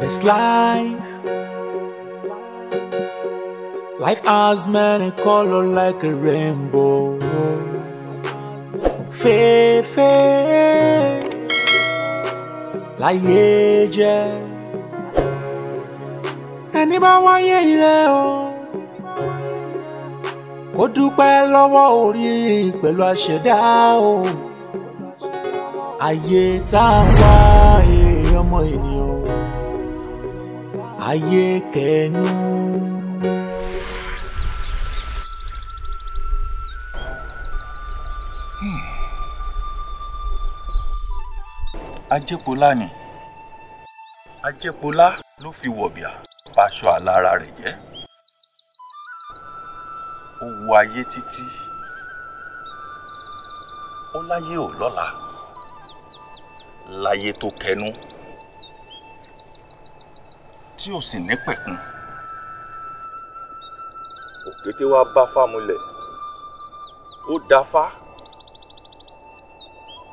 This life Life has many colors like a rainbow Fefe, Láyé jẹ́ Ẹni bá wáyé rẹ̀ o ó dúpẹ́ lọ́wọ́ orí pẹ̀lú àṣẹdá o ayé tá a wá èèyàn ọmọ ayé kẹnu. Hmm. ajẹ́pọ̀lá ni ajẹ́pọ̀lá ló fi wọ̀bìà paṣọ àlára rẹ̀ jẹ́ ó wo ayé títí ó láyé ò lọ́la láyé tó kẹnu tí ò sì ní pẹ̀kun. òkété wá bá fámulẹ̀ ó dáfá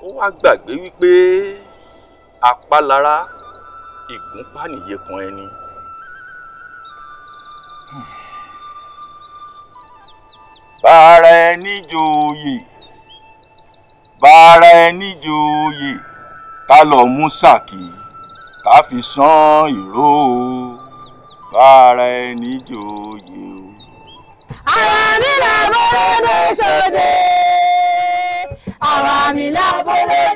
ó wá gbàgbé wípé apálára ìgúnpá ẹni. bára ẹni jòòyè bára ẹni jòòyè ká lọ mú sàkíyí ká fi san ìró o bára ẹni jòyè o. àwa mi làbọ̀lódé ṣòde àwa mi làbọ̀lódé.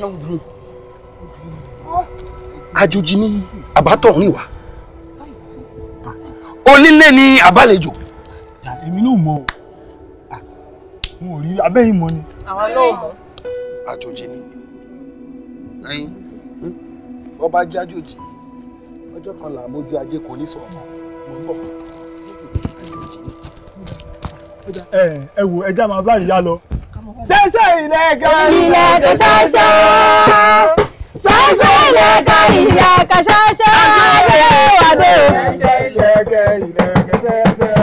ló ń gun àjòjì ní àbátọ̀rìn wa onílé ní àbálejò. èmi náà mọ̀ o n ò rí abẹ́yìn mọ́ ni. àwa náà mọ̀. àjòjì ni ẹyin ọba jájòjì ọjọ́ kan là mójú ajé kò ní sọ̀rọ̀ mọ̀ ń bọ̀. ẹ ẹ wo ẹja máa bá ìyá lọ ṣẹ̀ṣẹ̀ ìlẹ̀kẹ̀ ìlẹ̀kẹ̀ ṣẹ̀ṣẹ̀ ṣẹ̀ṣẹ̀ ìlẹ̀kẹ̀ ìlẹ̀kẹ̀ ṣẹ̀ṣẹ̀ adé adé ṣẹ̀ṣẹ̀ ìlẹ̀kẹ̀ ìlẹ̀kẹ̀ ṣẹ̀ṣẹ̀.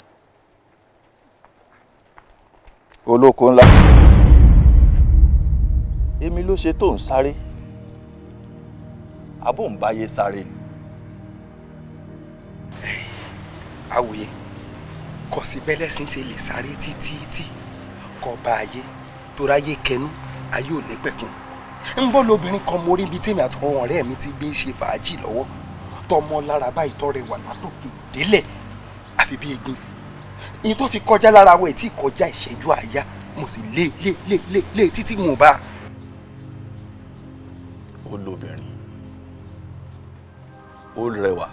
olóko ńlá èmi ló ṣe tó ń sáré abó ń báyé sáré. awòye kò sí bẹ́lẹ̀ sí lè sáré títí kò bá torí ayé kẹnu ayé ò ní pẹ̀kun ń bọ́ lóbìnrin kan mo rí ibi tèmi àtọwọ́ ọ̀rẹ́ mi ti gbé ṣe fàájì lọ́wọ́ tọmọ lára báyìí tọrẹ wà látòkè délẹ̀ àfi bí egun èyí tó fi kọjá lára wẹ̀ tí kọjá ìṣẹ́jú àyá mo sì lé lé lé lé lé títí mo bá. ó lóbìnrin ó rẹwà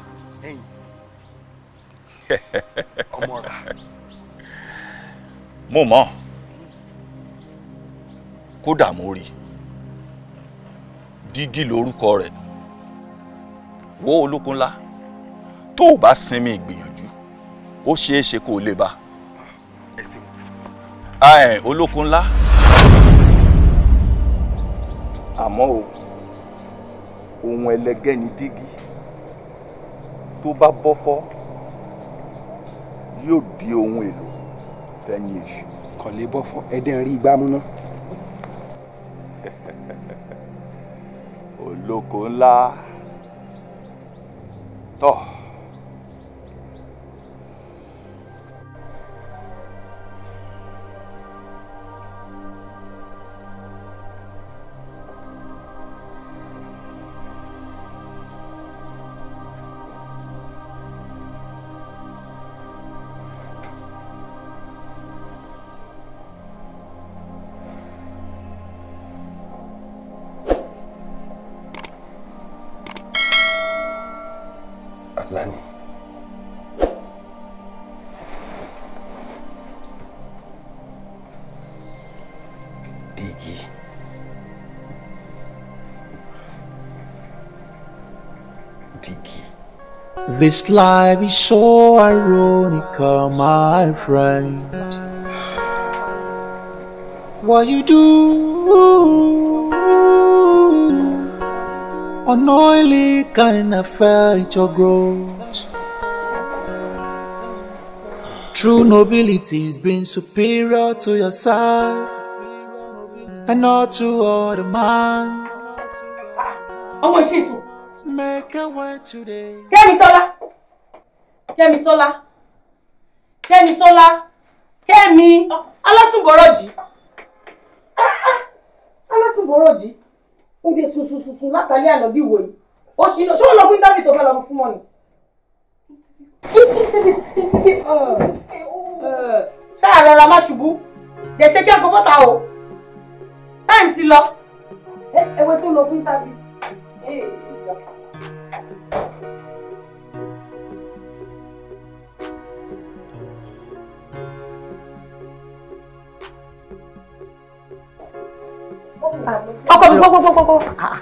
ọmọ rà. mo mọ̀ kódà mo rí dígí lórúkọ rẹ̀ wo olókun ńlá tó o bá sinmi ìgbìyànjú ó ṣeé ṣe kó o lè bá ẹ olókun ńlá. àmọ́ o ohun ẹlẹgẹ́ ni dígí tó bá bọ́ fọ́ yóò di ohun èlò fẹ́ni èṣù. kọ̀lé bọ́fọ́ ẹ̀dẹ̀ rí igbá múná. lóko ńlá tọ́. This life is so ironic, my friend. What you do kind of felt your growth. True nobility is being superior to yourself and not to other man. Ọmọ ìṣètò. Make a way today. Kẹ́mi Tọ́lá. Kẹ́misọ́lá Kẹ́misọ́lá Kẹ́mi alásùnbọ̀rọ̀jì alásùnbọ̀rọ̀jì ó dé sunsunsunsun látàlí ànábì wò yìí ó sì lọ ṣé ó lọ fún dábì tó fẹ́ lọ fún mọ́ ni. ṣáà rọra má ṣubú dè ṣe kí ẹ̀kọ́ bọ́ta o táyì ti lọ. ẹ ẹ wẹ́ tó lọ fún dábì. ọkọ mi pọ́pọ́pọ́pọ́ ah, ah.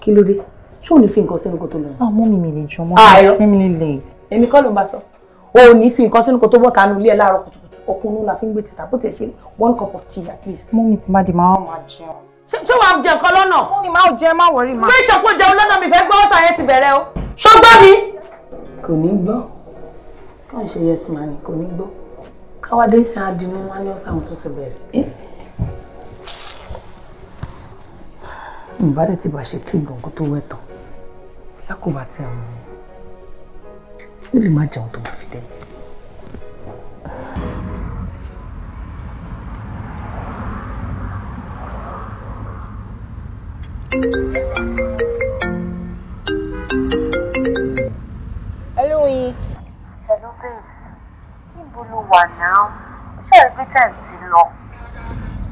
kí ló dé ṣé ò ní fi nǹkan sínú kó tó lọ. àmọ́ ah, mi mi lè jọ mọ́ mi mi lè. èmi kọ́ ló ń bá sọ o ò ní fi nǹkan sínú kó tó bọ́ kanú ilé ẹ̀ láàárọ̀ kùtùkùtù ọkùnrin la fi ń gbé títà bó tiẹ̀ ṣe one cup of tea at least. mú mi ti má di máa máa jẹun. ṣé wàá jẹ nǹkan lọ́nà. mú mi máa jẹ má wọrí máa. méjì ọ̀pọ̀ jẹun lọ́nà mi fẹ́ gbọ́ ọ̀sán yẹn ti bẹ̀rẹ̀ o. ṣọgbọ́n mi. kò ní gbọ́ káwọn ṣe yẹsùn màní kò ní gbọ́ káwá dé sí adinú ìbá dẹ̀ ti bá ṣe tí nǹkan kan tó wẹ̀ tán bóyá kò bá ti àrùn mi ó lè má jẹun tó máa fi dẹ́yìn. Hello, Oyin. Hello, babes. Níbo ló wà náà? Ṣé ẹ̀rí pé tẹ̀ ń ti lọ?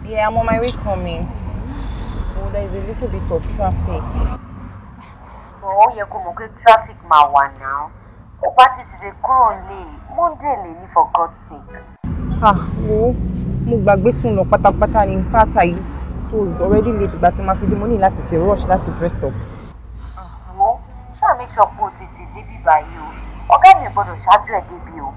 Yeah, I'm on my way coming school, there is a little bit of traffic. Oh, yẹ kó mọ̀ traffic máa wà náà. Ó bá ti ṣe kúrò ní Monday lè for God's sake. Ah, oh, mo gbàgbé sùn lọ pátápátá ní pátá yìí so it's already late but I'm màá fi dé mo ní láti ti rush láti dress up. Ah, wo ṣáà make sure pé o tètè débi báyìí o. Ọ̀gá mi gbọ́dọ̀ ṣáájú ẹ̀ débi o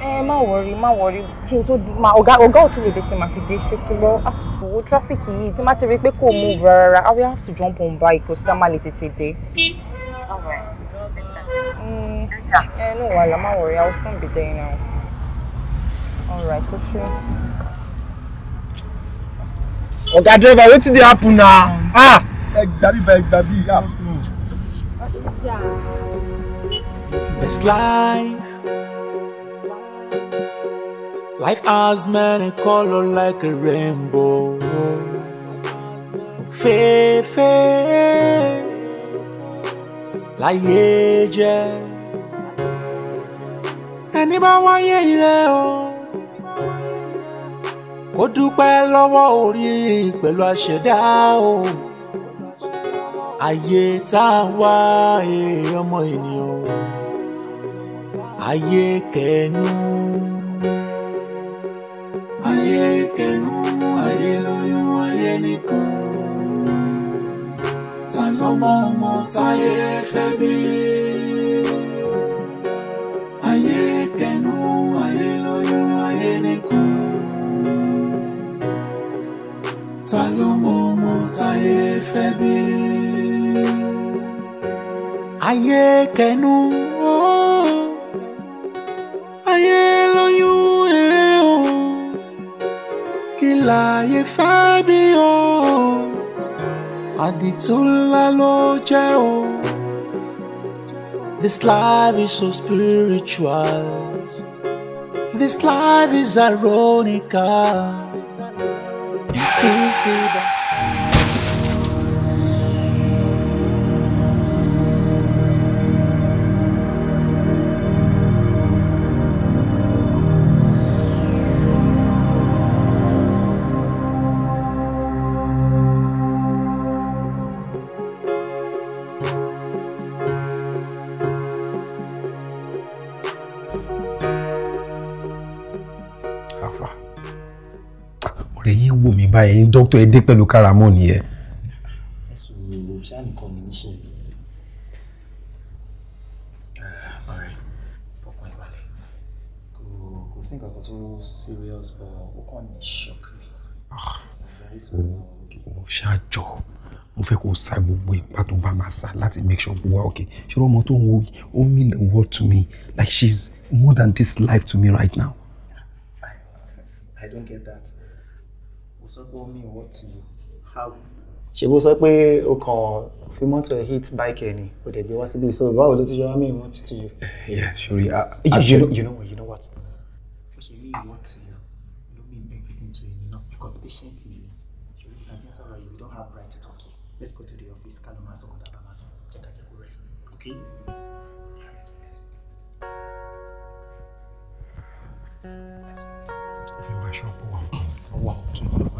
ẹ eh, má wọrí má wọrí kí n tó ma ọ̀gá ọ̀gá ò tí lè dé tí màá fi dé ṣe ti gbọ́ àtúwò ah, tráfíkì yìí tí má ti rí pé kò mú rárá I will have to jump on bike kò sí dá má lè tètè dé. ẹ mm, eh, ní wàhálà má wọrí I will soon be there now. alright so ṣe. ọ̀gá dírẹ́fà wetin dey happen na. Ah! Ah! ẹ gbàbí bá ẹ gbàbí. This life Life has many colors like a rainbow. Fefe, láyé jẹ́. Ẹni bá wáyé rẹ̀ o. Ó dúpẹ́ lọ́wọ́ orí pẹ̀lú àṣẹdá o. Ayé tá a wá èèyàn ọmọ ènìyàn. Ayé kẹ́nu. kẹnu ayé lóyún ayé nìkan ta lọ́mọ ọmọ táyé fẹ́ bí. ayé kẹnu ayé lóyún ayé nìkan ta lọ́mọ ọmọ táyé fẹ́ bí. ayé kẹnu ooo oh, ayé lóyún. láyé fẹ́ mi o àdìtú ńlá ló jẹ́ o. This life is so spiritual. This life is ironical. Invisible. bá ẹ̀yin dókítà ẹ dé pẹ̀lú káramọ́ nìyẹn. ẹ̀sùn ṣáà nìkan mi níṣẹ́ mi. Ah, sí nǹkan kan tó serious but ó kàn ní shock ni. Ah, mo ṣáàjọ mo fẹ́ kó sa gbogbo ipá tó bá máa sa láti make sure gbogbo wa okay ṣọlá ọmọ tó ń wo ó mean the world to me like she's more than this life to me right now. I, I don't get that ṣe bó sọ pé o kàn fi mọ́tò ẹ̀ hit bike ẹ̀ ni o dẹ̀ gbé wá síbí so báwo ló ti ṣe wá mí ìwọ́n ti yọ. yeah sure i, I you, know, you know what you know what. ó ṣe rí ìwọ́n ti yọ ló mean everything to you now because patient ni mi ṣòro ìgbà tí ń yìí we don't have right to talk here let's go to the office ká ló máa sọ kó tàbá máa sọ jẹ́ jẹ́ kó rest okay. Thank you. わ大きいのかな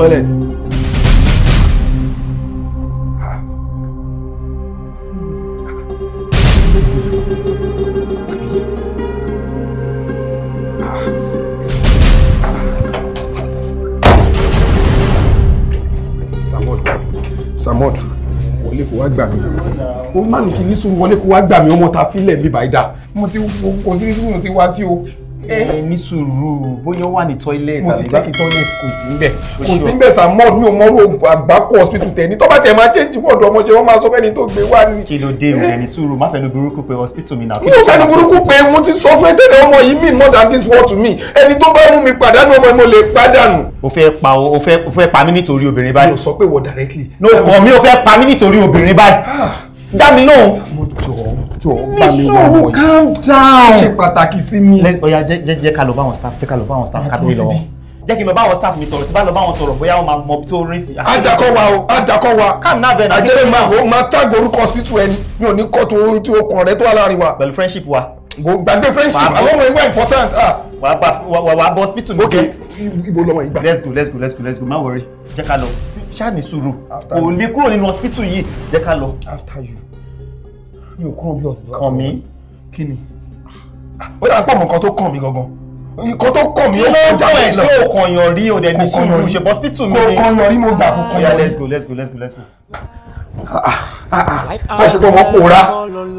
toilet. Samod wọlé kó wá gbà mí ó má nìkí ní sùúrù wọlé kó wá gbà mí ọmọ ta fílẹ̀ mi bàá dà mo ti kò sí ní sùúrù ti wá sí o ẹ ní sùúrù bóyá ó wà ní toilet. mo ti jẹ́ kí toilet kò sí níbẹ̀ kò sí níbẹ̀ Samuel mi ò mọ orú àgbákò hospital tẹ̀ ní tó bá tiẹ̀ máa jẹ́ ìjìwọ̀dọ̀ ọmọṣẹ́ wọn máa sọ fẹ́ni tó gbé wá ní. kí ló dé òun ẹni sùúrù má fẹnu burúkú pé hospital mi náà. mi ò fẹnu burúkú pé mo ti sọ fún tẹ́lẹ̀ ọmọ yìí mean more than this word to me ẹni tó bá mú mi pàdánù ọmọ mo lè pàdánù. o fẹ́ pa o fẹ́ o fẹ́ pa mí nítorí obìnrin báyìí. mi ò sọ pé wọ directly. no kàn mí o fẹ́ pa mí nítorí obìnrin jọ bá mi wá wọ̀nyí. calm down. ṣe pàtàkì sí mi. ọya jẹ́ ká lọ bá wọn staff jẹ́ ká lọ bá wọn staff kábíyì lọ́wọ́ jẹ́ kí n lọ bá wọn staff mi sọ̀rọ̀ tí bá lọ bá wọn sọ̀rọ̀ bóyá wọn máa mọ tó rí sí. àdàkọ wa o àdàkọ wa. calm down bẹ́ẹ̀ náà. àjẹrẹ máa wo máa tag orúkọ hospital ẹni mi ò ní kọ́ tó tí o kàn rẹ tó wà láàrin wa. pẹ̀lú friendship wa. gbàgbé friendship àwọn ọmọ ìwà important. Ah. wà á bọ hospital mi. ok ibo lọmọ ìgbà. let's go let's go let's go let's go má worry jẹ́ ká lọ ṣáà ní sùúrù kò lè kúrò nínú hospital yìí jẹ́ ká lọ. after you mi ò kúrò bí ọtí tó wà. kàn mí. kí ni. ó dà pọ̀ mọ́ nǹkan tó kàn mí gangan nǹkan tó kàn mí ó lọ jáwé lọ. kò kàn yàn rí o dẹ̀ ní sùúrù ṣe hospital mi kò kàn yàn rí mo gbà kò kàn yàn rí. let's go let's go let's go let's go. Ah, ah, ah. bá a ṣe pọ̀ mọ́ pòórá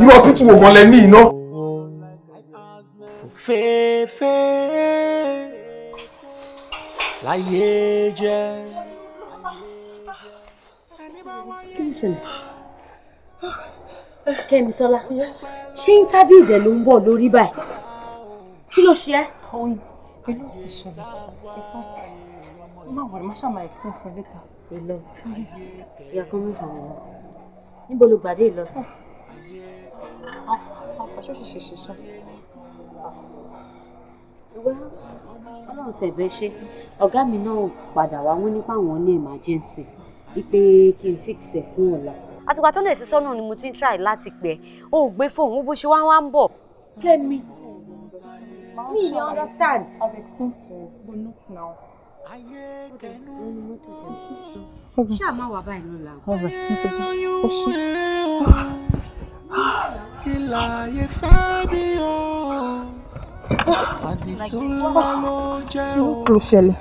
irú hospital wo gan lẹ ní iná. láyé jẹ́. kí ló ṣẹlẹ̀. Kẹ́misọ́lá ṣé ń tábí ìdẹ̀ ló ń bọ̀ lórí báyìí kí ló ṣe ẹ́. oyin pẹ̀lú ti ṣẹlẹ̀ ẹ má wọlé má ṣáà máa explain fún lẹ́tà. Ìlọt ìyá kan mú ìfọwọ́ wọn níbo ló gbàdé Ìlọt. àfàṣọ ṣèṣe ṣiṣẹ́. ìwé ọlọ́run tẹ̀gbẹ́ ṣe ọ̀gá mi náà padà wá wọ́n nípa àwọn ní emergency ipe kí n fix ẹ̀ fún ọ̀la àtìgbà tó lè ti sọ́nà ni mo ti ń try láti pẹ́ o ò gbé fóònù ó bó ṣe wá wá ń bọ̀. Kẹ́mi mi ni understand. I've explained to you but not now. ṣé àmọ́ wà báyìí ló la. ọ̀rọ̀ ìsinmi ó ṣe. kí láàyè fẹ́ mi o àdìtú ńlá ló jẹ́ o. kí ló ṣẹlẹ̀.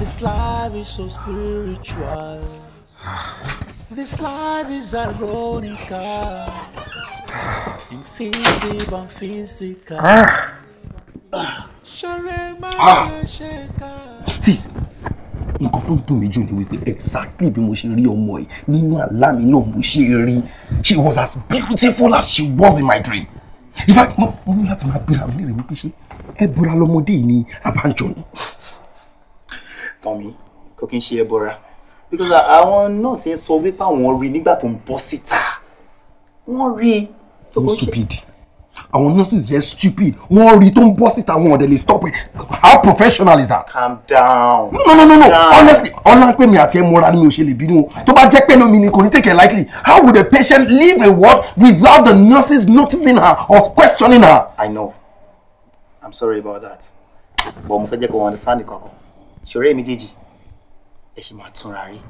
This life is so spiritual. This life is ironical. Invisible and physical. Ah. Ah. See, nǹkan tó dùn mí jù ni wípé exactly bí mo ṣe rí ọmọ yìí nínú àlá mi náà mo ṣe rí she was as beautiful as she was in my dream in fact mo mo ní láti máa bèrè àwọn ìrìn wípé ṣé ẹ bọ́ra lọ́mọdé yìí ni abájọ ni. Tọ́mi kò kí n ṣe ẹ because uh, àwọn nọ́ọ̀sì yẹn sọ wípé àwọn rí nígbà tó ń bọ́ síta wọ́n rí. wọ́n stupid àwọn nurses yẹn stupid wọ́n rí tó ń bọ́ síta wọn ò dẹ̀ stop it how professional is that. calm down. no no no no honestly ọ̀nà pé mi àti ẹ̀ mọ́ra ni mi ò ṣe lè bínú o tó bá jẹ́ pé mi ni kò ní take it lightly how would a patient leave a ward without the nurses noticing her or questioning her. i know i'm sorry about that but mo fẹ́ jẹ́ kó understand nǹkan kan ṣòro èmi jèjì ẹ ṣe máa túnra rí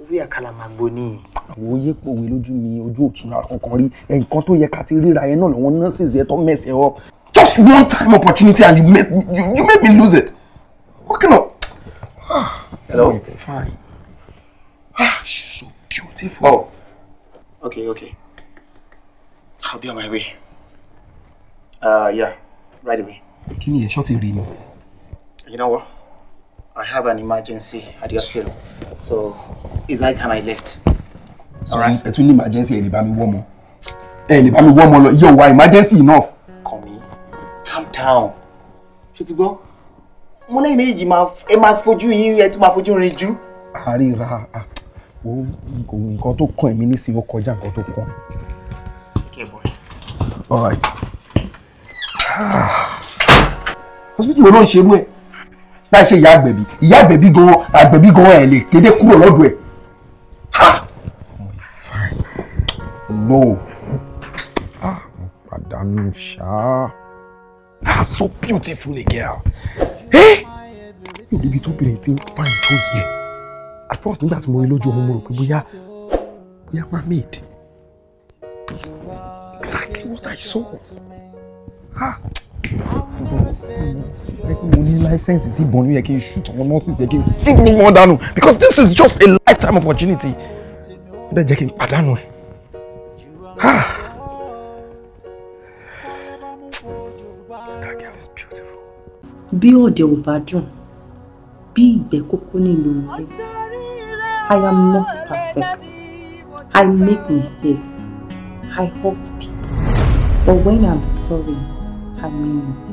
orí àkàlà máa gbóni. àwọn oyè pòwe lójú mi ojú òtúnra kankan rí nǹkan tó yẹ ká ti ríra ẹ náà lọ́wọ́ nurses ẹ tó mẹ́sẹ̀ ọ. just one time opportunity and you make you, you make me lose it. what kind of. Ah, hello. Oh, fine. Ah, she's so beautiful. oh okay okay i'll be on my way. Uh, yeah right away. kí ni ẹ̀ṣọ́ ti rí mi. you know what. I have an emergency at the hospital. So it's night time I left. Alright. right. Ẹ emergency and lè bá mi wọ́ ọmọ. Ẹ lè bá mi wọ́ ọmọ lọ. Yóò emergency enough. Come Kànmí, calm down. Ṣé ti gbọ́? Mo lẹ́yìn méjì ẹ máa fojú yín ẹ tún máa fojú rin jú. Àríra ah, o nǹkan tó kàn mí nísìnyí ó kọjá nǹkan tó kàn. Okay boy. All right. Ah. Hospital wo ló ń ṣerú láì ṣe ìyá àgbẹ̀bí ìyá àgbẹ̀bí gan àgbẹ̀bí gan ẹ̀ lè kéde kúrò lọ́dọ̀ ẹ̀. no ah mo pàdánù ṣá. ah so beautiful a girl. yóò débi tó bèrè tí ń fa ìtò yẹ at first nígbà tí mo rí lójú ọmọ mo rò pé bóyá bóyá mermaid exactly what I saw. ah ẹ pé mo ní láísẹ̀nsì sí ìbọn ló yẹ kí n ṣùtọ̀ wọn nọ́ọ̀sì yẹ kí n tú gbogbo because this is just a lifetime opportunity ó dẹ̀ jẹ́ kí That girl is beautiful. bí ọ̀dẹ̀ ò bá dùn bí ìgbẹ́ kókó nílò I am not perfect I make mistakes I hurt people but when I'm sorry per minute.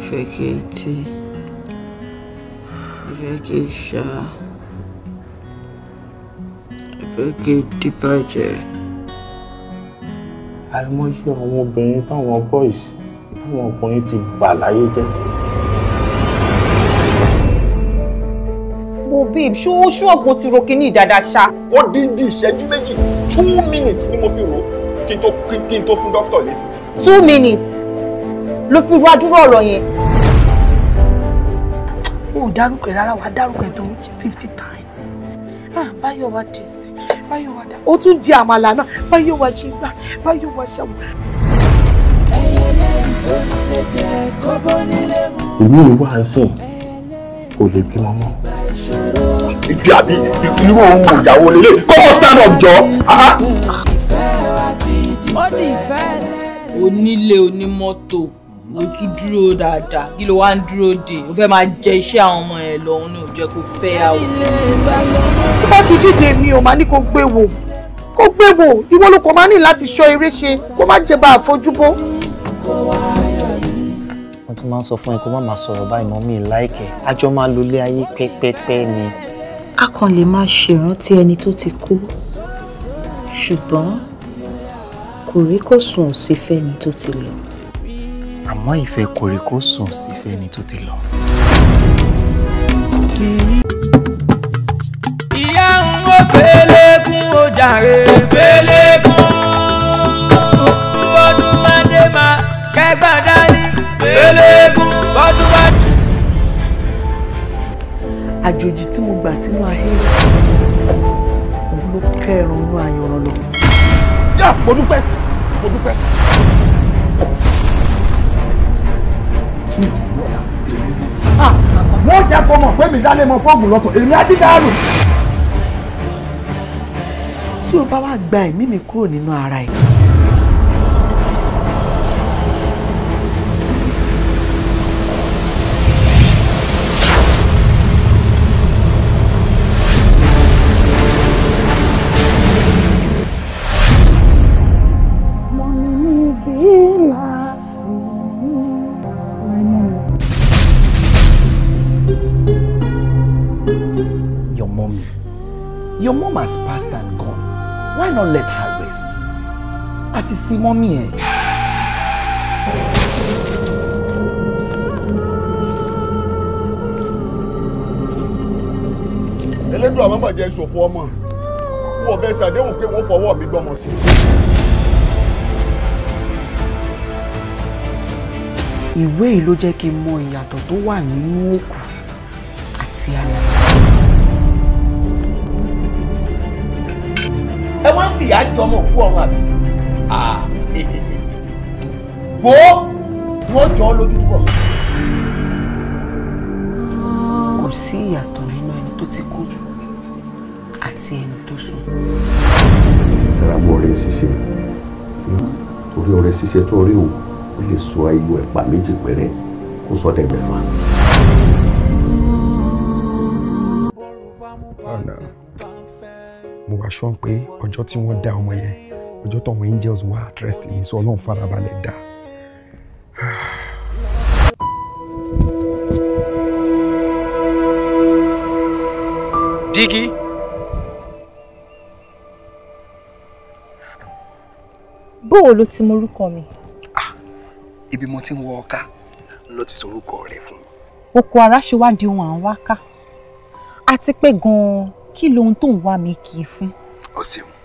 ìfẹ́ kì í tí ìfẹ́ kì í ṣá ìfẹ́ kì í dìbàjẹ́. àìmọye àwọn obìnrin táwọn boys táwọn ọkùnrin ti bà láyé jẹ́. wo babe to ṣó ọ̀pọ̀ ti ro kíní dáadáa ṣá. wọ́n dín dín ìṣẹ́jú méjì two minutes You mo fi rò kí n tó kí n tó fún dókítà two minutes ló fi ru adúrò ọ̀rọ̀ yẹn. wọn ò dárúkọ ẹ rárá wa dárúkọ ẹ tó fifty times. Ah, báyọ̀ wá dé sí báyọ̀ wá dá ó tún di àmàlà náà báyọ̀ wá ṣe gbà báyọ̀ wá ṣe wà. èmi ò wá sìn kò lè bímọ mọ́. ìgbé àbí ìdúró òun mọ ìyàwó lélẹ̀ kọ́kọ́ stand up jọ. onílé onímọ́tò o tún dúró dáadáa kí ló wá ń dúró dè o fẹ́ máa jẹ iṣẹ́ àwọn ọmọ ẹ̀ lọ́hún ni jẹ́ kó fẹ́ àwọn. tó bá fi jíjẹ mi ò máa ní kó gbé wò kó gbé wò ìwọ ló kò máa ní láti ṣọ́ eré ṣe kó má jẹ bá àfojúbó. mo ti máa ń sọ fún ẹ kó má máa sọ̀rọ̀ báyìí mọ́ mi láìkẹ́ àjọ máa lo ilé ayé pẹ́pẹ́pẹ́ ni. a kàn lè máa ṣèrántí ẹni tó ti kú ṣùgbọ́n kò rí kò sùn sí fẹ́ni tó ti lọ àmọ́ ìfẹ́ kòríkó sùn sífẹ́ ni tó ti lọ. ìyá ń wo fẹ́lẹ́kùn ó jàre fẹ́lẹ́kùn ọdún máa dé máa kẹgbàá dání fẹ́lẹ́kùn ọdún máa àjòjì tí mo gbà sínú ahéré òun ló kẹrùn inú lọ. yá mo dúpẹ́ mo dúpẹ́. Ah, wọ́n jẹ́ kó mọ̀ pé mi dálé mọ fọ́ọ̀gù lọ́tọ̀ èmi adídáàrò. tí o bá wá gba ẹ̀mí mi kúrò nínú ara ẹ̀. sí mọ́mì ẹ̀. elédùn àmọ́mọ́ jẹ́ ìṣòfò ọmọ wọn ò bẹ ṣàdéhùn pé wọ́n fọwọ́ mi gbọ́mọ sí i. ìwé yìí ló jẹ́ kí n mọ ìyàtọ̀ tó wà nínú òkú àti àlá. ẹ wá ń fìyà jọmọ òkú ọmọ àbí. Ah. wo wọ́n jọ lójú túbọ̀ sọ. kò sí ìyàtọ̀ nínú ẹni tó ti kú àti ẹni tó sùn. ìtara mú ọ̀rẹ́ ṣíṣe orí ọ̀rẹ́ ṣíṣe tó rí òun ó lè sọ ayò ẹ̀pà méjì péré kó sọ dẹ́gbẹ̀fà. mo wá sọ pé ọjọ́ tí wọ́n dá ọmọ yẹn ọjọ́ tó àwọn angels wá at rest yìí sọ ọlọ́run farabalẹ̀ dá. dígí. bóò ló ti morúkọ mi. Ah, ibi mo ti ń wọ ọkà ló ti sorúkọ rẹ fún mi. oko ara ṣe wá di ohun à ń wá ká àti pé gan-an kí lohun tó ń wá mi kì í fún. o ṣeun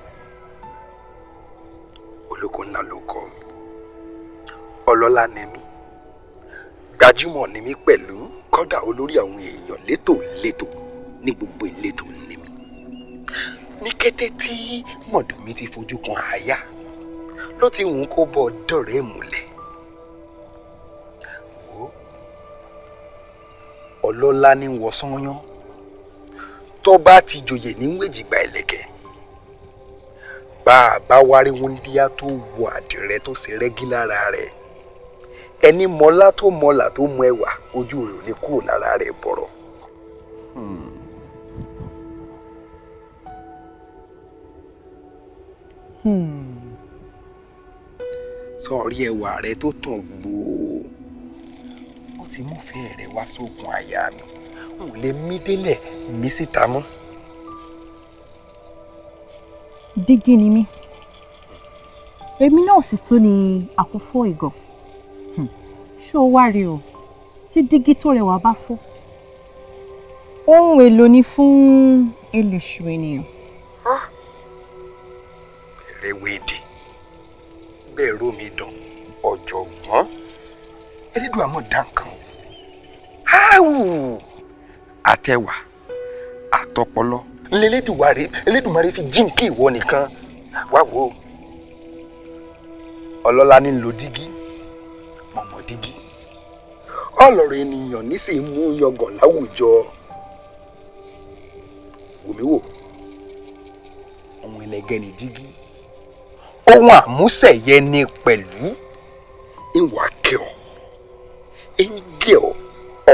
olóko ńlá ló kọ mi ọlọ́lá ni mí gbajúmọ̀ ni mí pẹ̀lú kọ́dà olórí àwọn èèyàn létòlétò ní gbogbo ìletò ni mí ní kété tí mọ̀dọ̀mí ti fojú kan àyà ló ti wù ú kó bọ́ dọ̀rẹ́ múlẹ̀ ọlọ́lá ní wọ sányán tó bá ti joyè ní wèjìgbà bá a bá wárí wúndíá tó wọ àdìrẹ tó ṣe rẹ́gí lára rẹ̀ ẹni mọ́lá tó mọ́lá tó mọ ẹwà ojú rẹ̀ ò ní kúrò lára rẹ̀ bọ̀rọ̀. sọ̀rí ẹwà rẹ tó tàn gbòò ó ti múfẹ́ rẹ wá sókun àyà mi ò lè mí délẹ̀ mí síta mọ́ dígí ni mí èmi náà sì tún ni àkúfọ̀ ìgọ̀ hmm. ṣó o wá rí o tí dígí tó rẹwà bá fọ́ ohun èlò ni fún eléṣù ènìyàn. bẹ̀rẹ̀ wéde bẹ́ẹ̀ rómi dán ọ̀jọ̀gbọ́n elédùn àmọ́ dáǹkan o àtẹwà àtọpọlọ lẹ́lẹ́dùwárẹ́ Elédùmarè fi jíǹkì ìwọ nìkan wá wò ó ọlọ́lá ní lo dígí mọ̀mọ́ dígí ọlọ́rọ̀ ènìyàn nísì mú yangàn láwùjọ wòmíwò ohun ẹlẹgẹ́ ni dígí ohun àmúṣẹ̀yẹ ni pẹ̀lú ìwà kẹ́ ọ ń gé ọ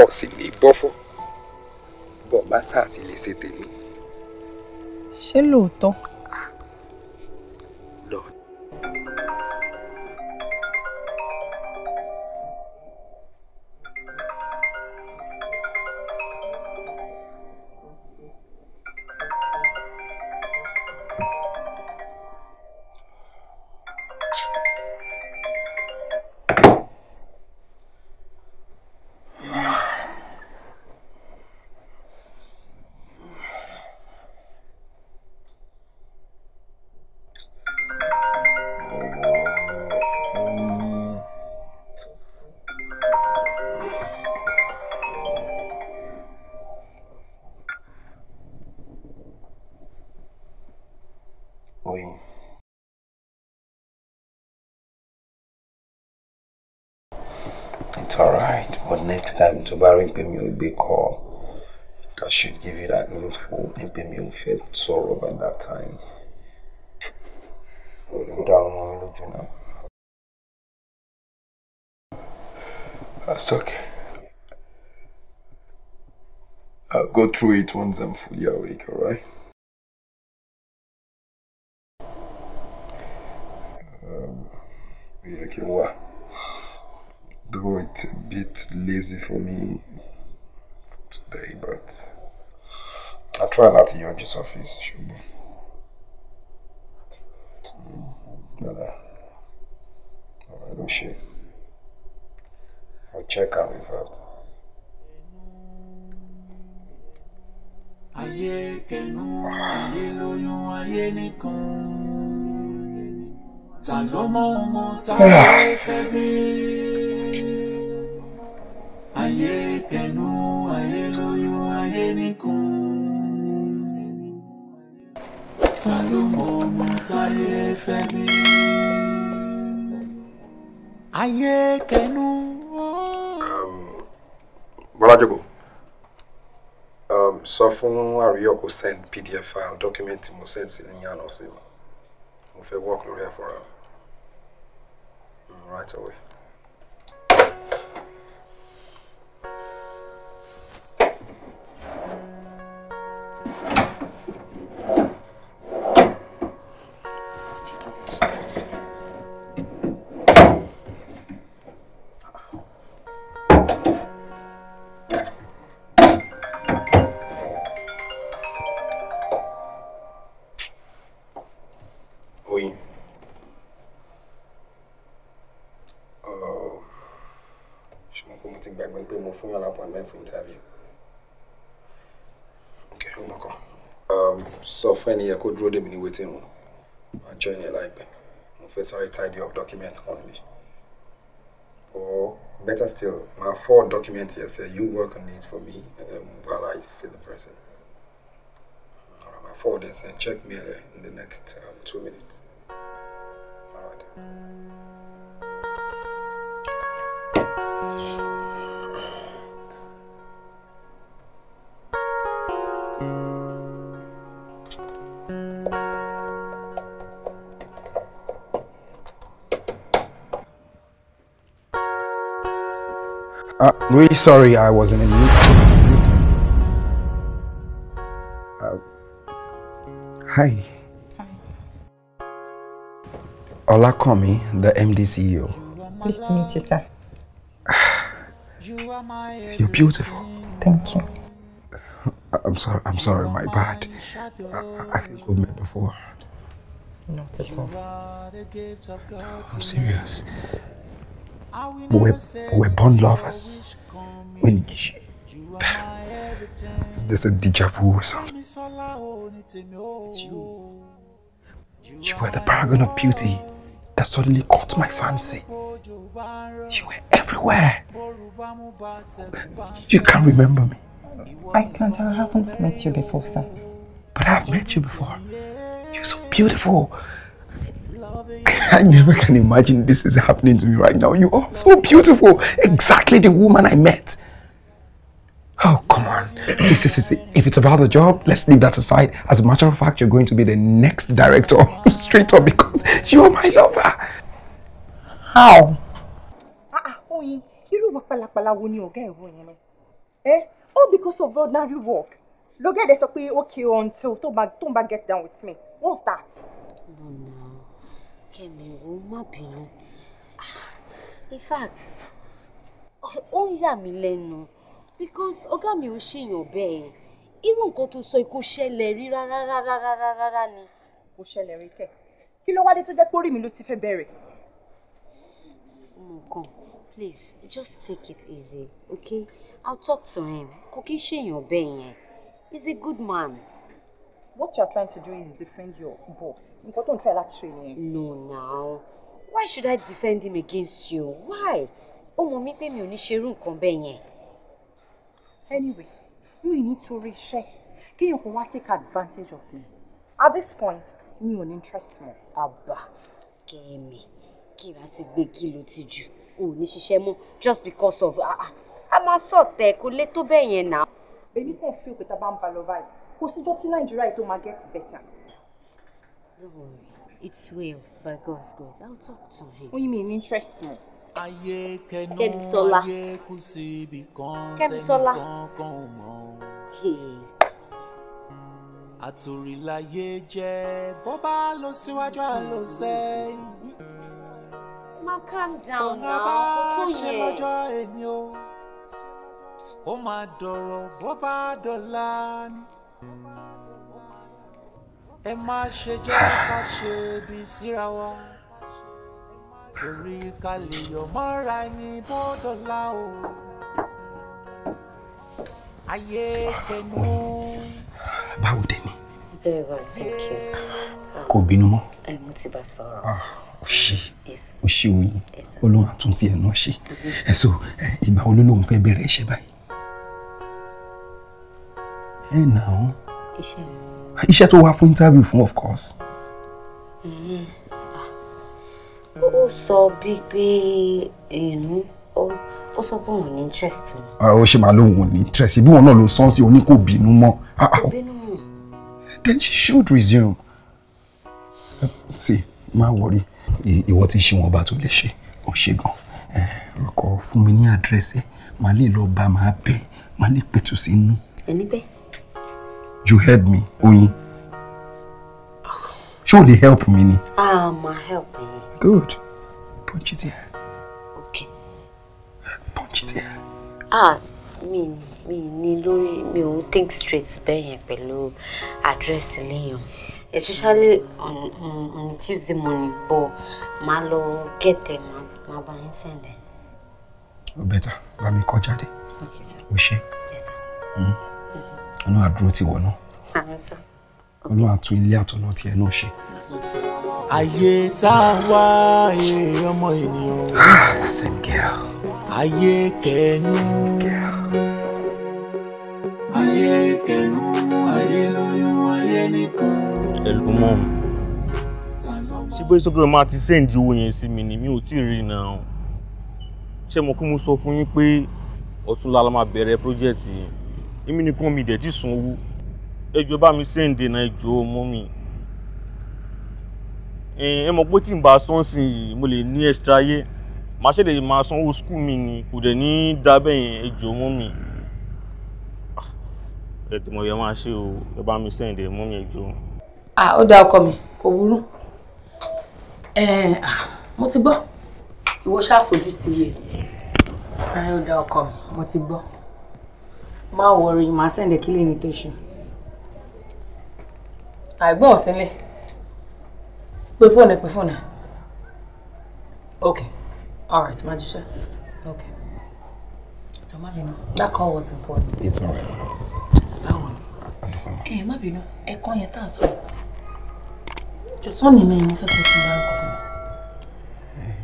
ọ sì lè bọ́fọ́ bọ́ọ̀ sáà ti lè ṣe tèmi ṣé lóòótọ́ time tó bá rí pé mi ò gbé call should give you that info pé mi ò fẹ́ at that time. Ó dáhùn mọ́ mi lójú That's okay. I'll go through it once I'm fully awake, alright? Um, yeah, okay, what? though it's a bit lazy for me today, but I try not to yọjú surface, ṣùgbọ́n. Dada, ọ̀rọ̀ ló ṣe. I'll check am in fact. Ayé kẹnu, ayé lóyún, ayé nìkan. Ta ló mọ ọmọ ta ló ayé kẹnu ayé lóyún ayé níkùn ta ló mọ ọmọ táyé fẹ́ mi. ayé kẹnu. Bọ́lá Jòkó um, sọ fún àríyọ̀ kó send pdf file document mo send sí ní àná sí mi mo fẹ́ work lórí ẹ̀ fúnra right away. meeting join it láìpẹ́ mo fẹ́ sáré tidy up documents only. or better still my forward documents here. say you work on it for me um, while I see the person all right, máa forward ẹ send check mail uh, in the next um, two minutes. All right. Uh, really sorry, I was in a meeting. Uh, hi. Hi. Olakomi, the MD CEO. Pleased to meet you, sir. You're beautiful. Thank you. Uh, I'm sorry, I'm sorry, my bad. I, uh, I think we've met before. Not at all. I'm serious. We were, we were born lovers. When is this a deja vu you. You were the paragon of beauty that suddenly caught my fancy. You were everywhere. You can't remember me. I can't. I haven't met you before, sir. But I've met you before. You're so beautiful. I never can imagine this is happening to me right now. You are so beautiful. Exactly the woman I met. Oh, come on. See, see, see, see. If it's about the job, let's leave that aside. As a matter of fact, you're going to be the next director straight up because you're my lover. How? Ah, ah, irú wa pálapàla wo ni ọ̀gá ẹ̀rọ yẹn ẹ eh? all because of ordinary work lọ́gẹ̀dẹ̀ sọ pé okay until tó bá get down with me What's that? No, no. Kẹ́mi ò má bínú. Ah, in fact, ó ń yà mí lẹ́nu because Oga mi ò ṣèyàn bẹ́ẹ̀. Irú nǹkan tó sọ ikú ṣẹlẹ̀ rí rárá rárá rárá rárá ni. Kò ṣẹlẹ̀ rí kẹ̀. Kí ló wádé tó jẹ́ pé orí mi ló ti fẹ́ bẹ̀rẹ̀? Nǹkan, please just take it easy, okay? I'll talk to him. Kò kí ń ṣèyàn bẹ́ẹ̀ yẹn. He's a good man what you are trying to do is defend your boss. Nǹkan tó try láti ṣe No now. Why should I defend him against you? Why? Oh, mommy pay me mi ò ní Anyway, mi need to reshare. Can kan wá take advantage of me. At this point, mi don't ní interest mọ́. Àbá Kẹ́mi, Kíra ti gbé kìlò ti jù. O ò ní ṣiṣẹ́ just because of ah. I'm ah, a kò lè tó bẹ́ẹ̀ yẹn náà. Bèbí kàn fi òkúta bá ń balọ̀ báyìí kò síjọ́ tí nàìjíríà yìí get better. don't worry it's well by God's grace I'll talk to him. ó yí mi interest mọ́ ayé kẹnu ayé kù síbi kan tẹnìkan kan mọ. àtòrìláyé jẹ́ bó bá lọ síwájú àlọ má calm down now kò tó bá ṣe lọ́jọ́ èmi o ó máa dọ̀rọ̀ bó bá dọ̀la ni ẹ má ṣe jẹ́ ká ṣe bí síra wa torí ká lè yọ̀ mọ́ra ní bọ́dọ̀lá o ayé kẹnu. báwo dé ni. very well thank you. kò bínú mọ́. ẹ mo ti bá sọ̀rọ̀. o ah, ṣe o ṣe oyin olóhùn àtúntì ẹ̀ náà ṣe mm-hmm. ẹ̀ so ìgbà olólùwọ̀n fẹ́ bẹ̀rẹ̀ iṣẹ́ báyìí. ẹ̀ nà án. iṣẹ́ mi iṣẹ́ tó wá fún interview fún of course. Mm. Ah. ó sọ bíi pé ìnú ó sọ pé òun ní interest mi. Ah, ó ṣe máa lóun ò ní interest bí wọn náà ló sọ sí oní kò bínú mọ́. Ah, bínú mọ́. then she should resume. see má wọrí ìwọ ti ṣe wọn bá tó lè ṣe ó ṣe gan ọkọ eh, fún mi ní àdírẹ́sì máa lè lọ bá máa bẹ máa lè pẹ̀tù sínú. ẹni bẹ́ẹ̀ you help me Oyin ṣé o help me. ni. ah ma help good punch it here. okay. punch it here. ah me, me, ni lórí mi ò think straight bẹ́ẹ̀ yẹn pẹ̀lú àdírẹ́sì léèyàn especially on on on tuesday morning but my lo get màá my yín sẹ́ndẹ̀. o better Let me call jáde. okay sir. o yes sir. Mm -hmm òun náà àdúró tì náà. olúwa tún ilé àtọ̀nà tiẹ̀ náà ṣe. ayé tá a wá èèyàn ọmọ ènìyàn. ayé kẹnu. ayé kẹnu ayé lóyún ayé nìkan. ẹ̀lú mọ́ síbẹ̀ sọ́kẹ́ máa ti sẹ́ǹdì owó yẹn sí mi ni mi ò tí ì rí i náà ṣé mo kí mo sọ fún yín pé ọ̀túnla la máa bẹ̀rẹ̀ pírójẹ́tì yẹn èmi nìkan mi dẹ̀ ti san owó ẹjọ́ bá mi sẹ́ǹdè náà ẹjọ́ mọ́ mi ẹ mọ̀ pé tí n bá san sí i mo lè ní extra yé màá ṣẹ̀lẹ̀ máa sanwó skul mi ni kò dẹ̀ ní dábẹ́ yẹn ẹjọ́ mọ́ mi ẹ̀dùnmọ̀ yẹn máa ṣe o ẹ bá mi sẹ́ǹdè mọ́ mi ẹjọ́. ó dá ọkọ mi kò burú mo ti gbọ́ ìwọ ṣáà fojú sí iye ó dá ọkọ mi mo ti gbọ́ má wọrí màá sẹ́ǹdẹ̀ kí lè ní tẹ̀sán àìgbọ́n ọ̀sìnlẹ̀ pé fóònù pé fóònù okay right, má jíṣẹ́ okay jọ̀ọ́ má bínú that call was important. it's alright. báwo ni ẹ má bínú ẹ kọ́ yẹn tá a sọ jọ̀sán ni mi mo fẹ́ kó ti bá fún mi.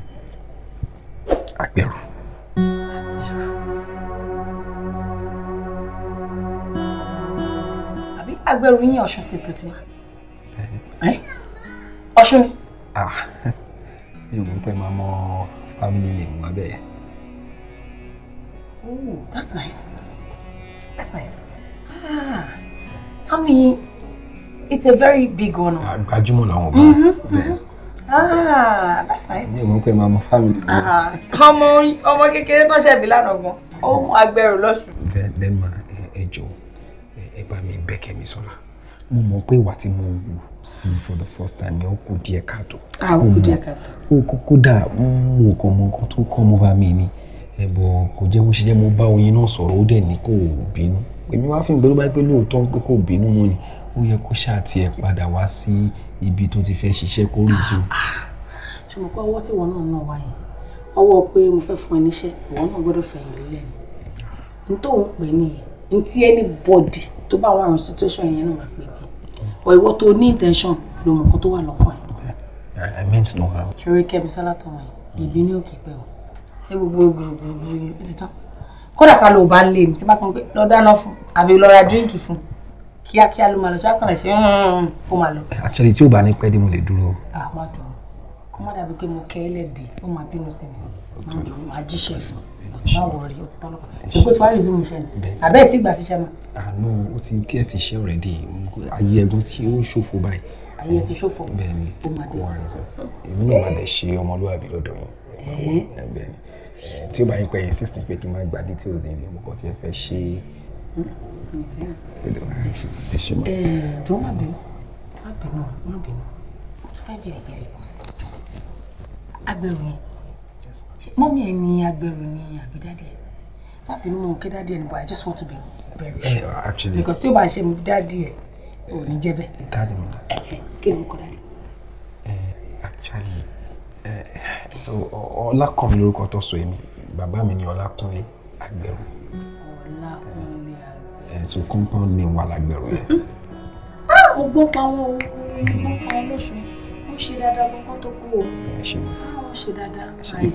àpẹrù. agbẹ́rù yín ọ̀ṣun state ló ti ọ̀ṣun ni. Ah, mi ò mọ̀ pé màá mọ family name wa bẹ́ẹ̀. that's nice that's nice ah family it's a very big one. àgbájúmọ̀ ah, làwọn ọba mm-hmm, mm-hmm. bẹ́ẹ̀. Ah, that's nice. Mi ò mọ̀ pé màá mọ family. Ah, ọmọ ọmọ kékeré tó ṣẹ̀bí lánàá gan. Ó mú agbẹ́rù lọ́sùn bẹ̀kẹ́ mi sọ́la mo mọ̀ pé ìwà tí mo wù sí for the first time ni ó kù díẹ̀ káàtó. ah ó kù hmm. díẹ̀ káàtó. ó kókó dà hmm, mo kàn mọ nǹkan tó kọ́ mo bá mi ni ẹ̀bọ̀ kò jẹ́ bó ṣe jẹ́ mo bá oyin náà sọ̀rọ̀ ó dẹ̀ ní kò bínú èmi wá fún ìgbẹ́lú báyìí pé lóòótọ́ ń pé kò bínú mọ́ ni ó yẹ kó ṣáà tiẹ̀ padà wá sí ibi tó ti fẹ́ ṣiṣẹ́ kó rí so. ṣùgbọ́n pé ọwọ́ tí wọn náà náà wáyé ọwọ́ pé mo fẹ́ fún ẹ tó bá wà rùn situation yẹn náà máa pè mí ọ ìwọ tó ní intention ló mọ nǹkan tó wà lọ́kàn ẹ̀. I meant no harm. ṣeré kẹ́mi sálá tọ̀wọ̀ ìbí ní òkè pẹ́ o ṣé gbogbo gbogbo ó ti tán kódà ká ló bá lè mi tí bá sọ pé lọ dáná fún àbí lọ ra díríǹkì fún kíákíá ló máa lọ ṣáà kànáà ṣe ó máa lọ. actually tí ò bá ní pẹ́ ni mo lè dúró. àwọn àdùn kó má pé mo kẹ́ ẹ́ lẹ́dẹ̀ẹ́ ó máa bínú sí mi máa jíṣẹ́ fún un báwo rí o ti tán lọ́kàn ìpè fárí zoom ṣẹlẹ̀ àbẹ́ ẹ̀ tí gbà síṣẹ́ mọ́. àánú o ti kí ẹ ti ṣe ọ̀rẹ́dì ayé ẹ̀gbọ́n tí ó ṣòfò báyìí. ayé ti ṣòfò bẹ́ẹ̀ni ó máa dé èmi náà máa dẹ̀ ṣe ọmọlúwàbí lọ́dọ̀ yín bẹ́ẹ̀ni tí ó bá yín pẹ́ yín sísìn pé kí n má gba details yìí ni mo kàn ti fẹ́ ṣe é hmm, hmm, hmm. jọ má bínú má bínú má bínú mo tún fẹ́ mọ́mí ẹ̀ ní agbẹ̀rù ni àbí dáàdì ẹ̀ má bínú mo kí dáàdì ẹ̀ I just want to be very eh, sure. Uh, actually because tí o bá ṣe mo dáàdì ẹ̀ ò ní jẹ́ bẹ́ẹ̀. dáàdì mi eh, eh, kí ni mo kọ́ dáàdì. actually uh, so ọlákùnrin lórúkọ tó sọ èmi bàbá mi ni ọlákùnrin agbẹ̀rù. ọlákùnrin agbẹ̀rù. so compound name wà lágbẹ̀rù yẹn. ó ah, gbọ́ pa wọn o ó gbọ́ wọ́n ṣe dáadáa kankan tó kú o. wọ́n wọn náà lèmi náà ń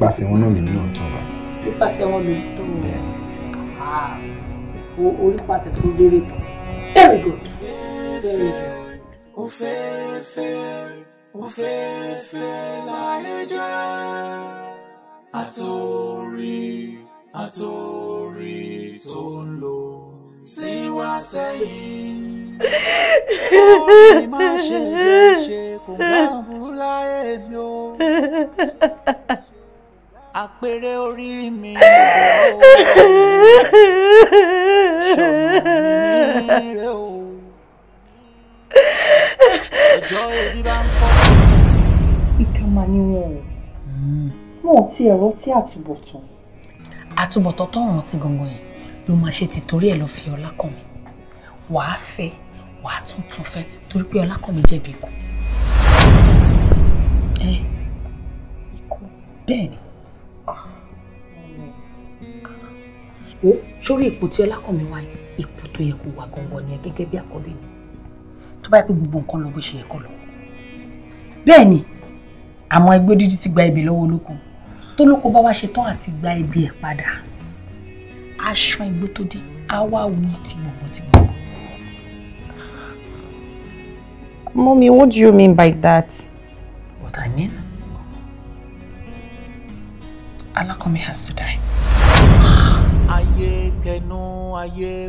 orí pàṣẹ tó dérè tán. very good. very good. ó fẹ́ láyé jẹ́ àtòrí àtòrí tó ń lò síwá sẹ́yìn. ó ní má ṣe lè ṣe kò gbà láyé mi o àpèrè orí mi o ṣòro mi rè o ọjọ́ ebi bá ń kọ́. ìkà máa ní wọn o hmm. wọn ò tiẹ̀ rántí àtúbọ̀tán. àtúbọ̀tán tó ń rántí gangan yẹn ló máa ṣe ti torí ẹ̀ lọ́ọ́ fi ọlá kàn mí wàá fẹ́ wàá tún tún fẹ́ torí pé ọlákọ̀mí jẹ̀bi ikú. bẹ́ẹ̀ ni wo sórí ipò tí ọlákànmí wà yìí ipò tó yẹ kó wà gangan ni ẹ gẹ́gẹ́ bí àkọ́bí mi tó bá yẹ pé gbogbo nǹkan lọ bó ṣe yẹ kó lọ bẹ́ẹ̀ ni àmọ́ ẹgbẹ́ dídí ti gba ibẹ̀ lọ́wọ́ olóko tó lóko bá wá ṣe tán àti gba ibi ẹ̀ padà aṣọ ẹgbẹ́ tó dé á wá wí ti gbogbo ti gbogbo. Mommy, what do you mean by that? What I mean? Alákànmí has to die. ayé kẹnu ayé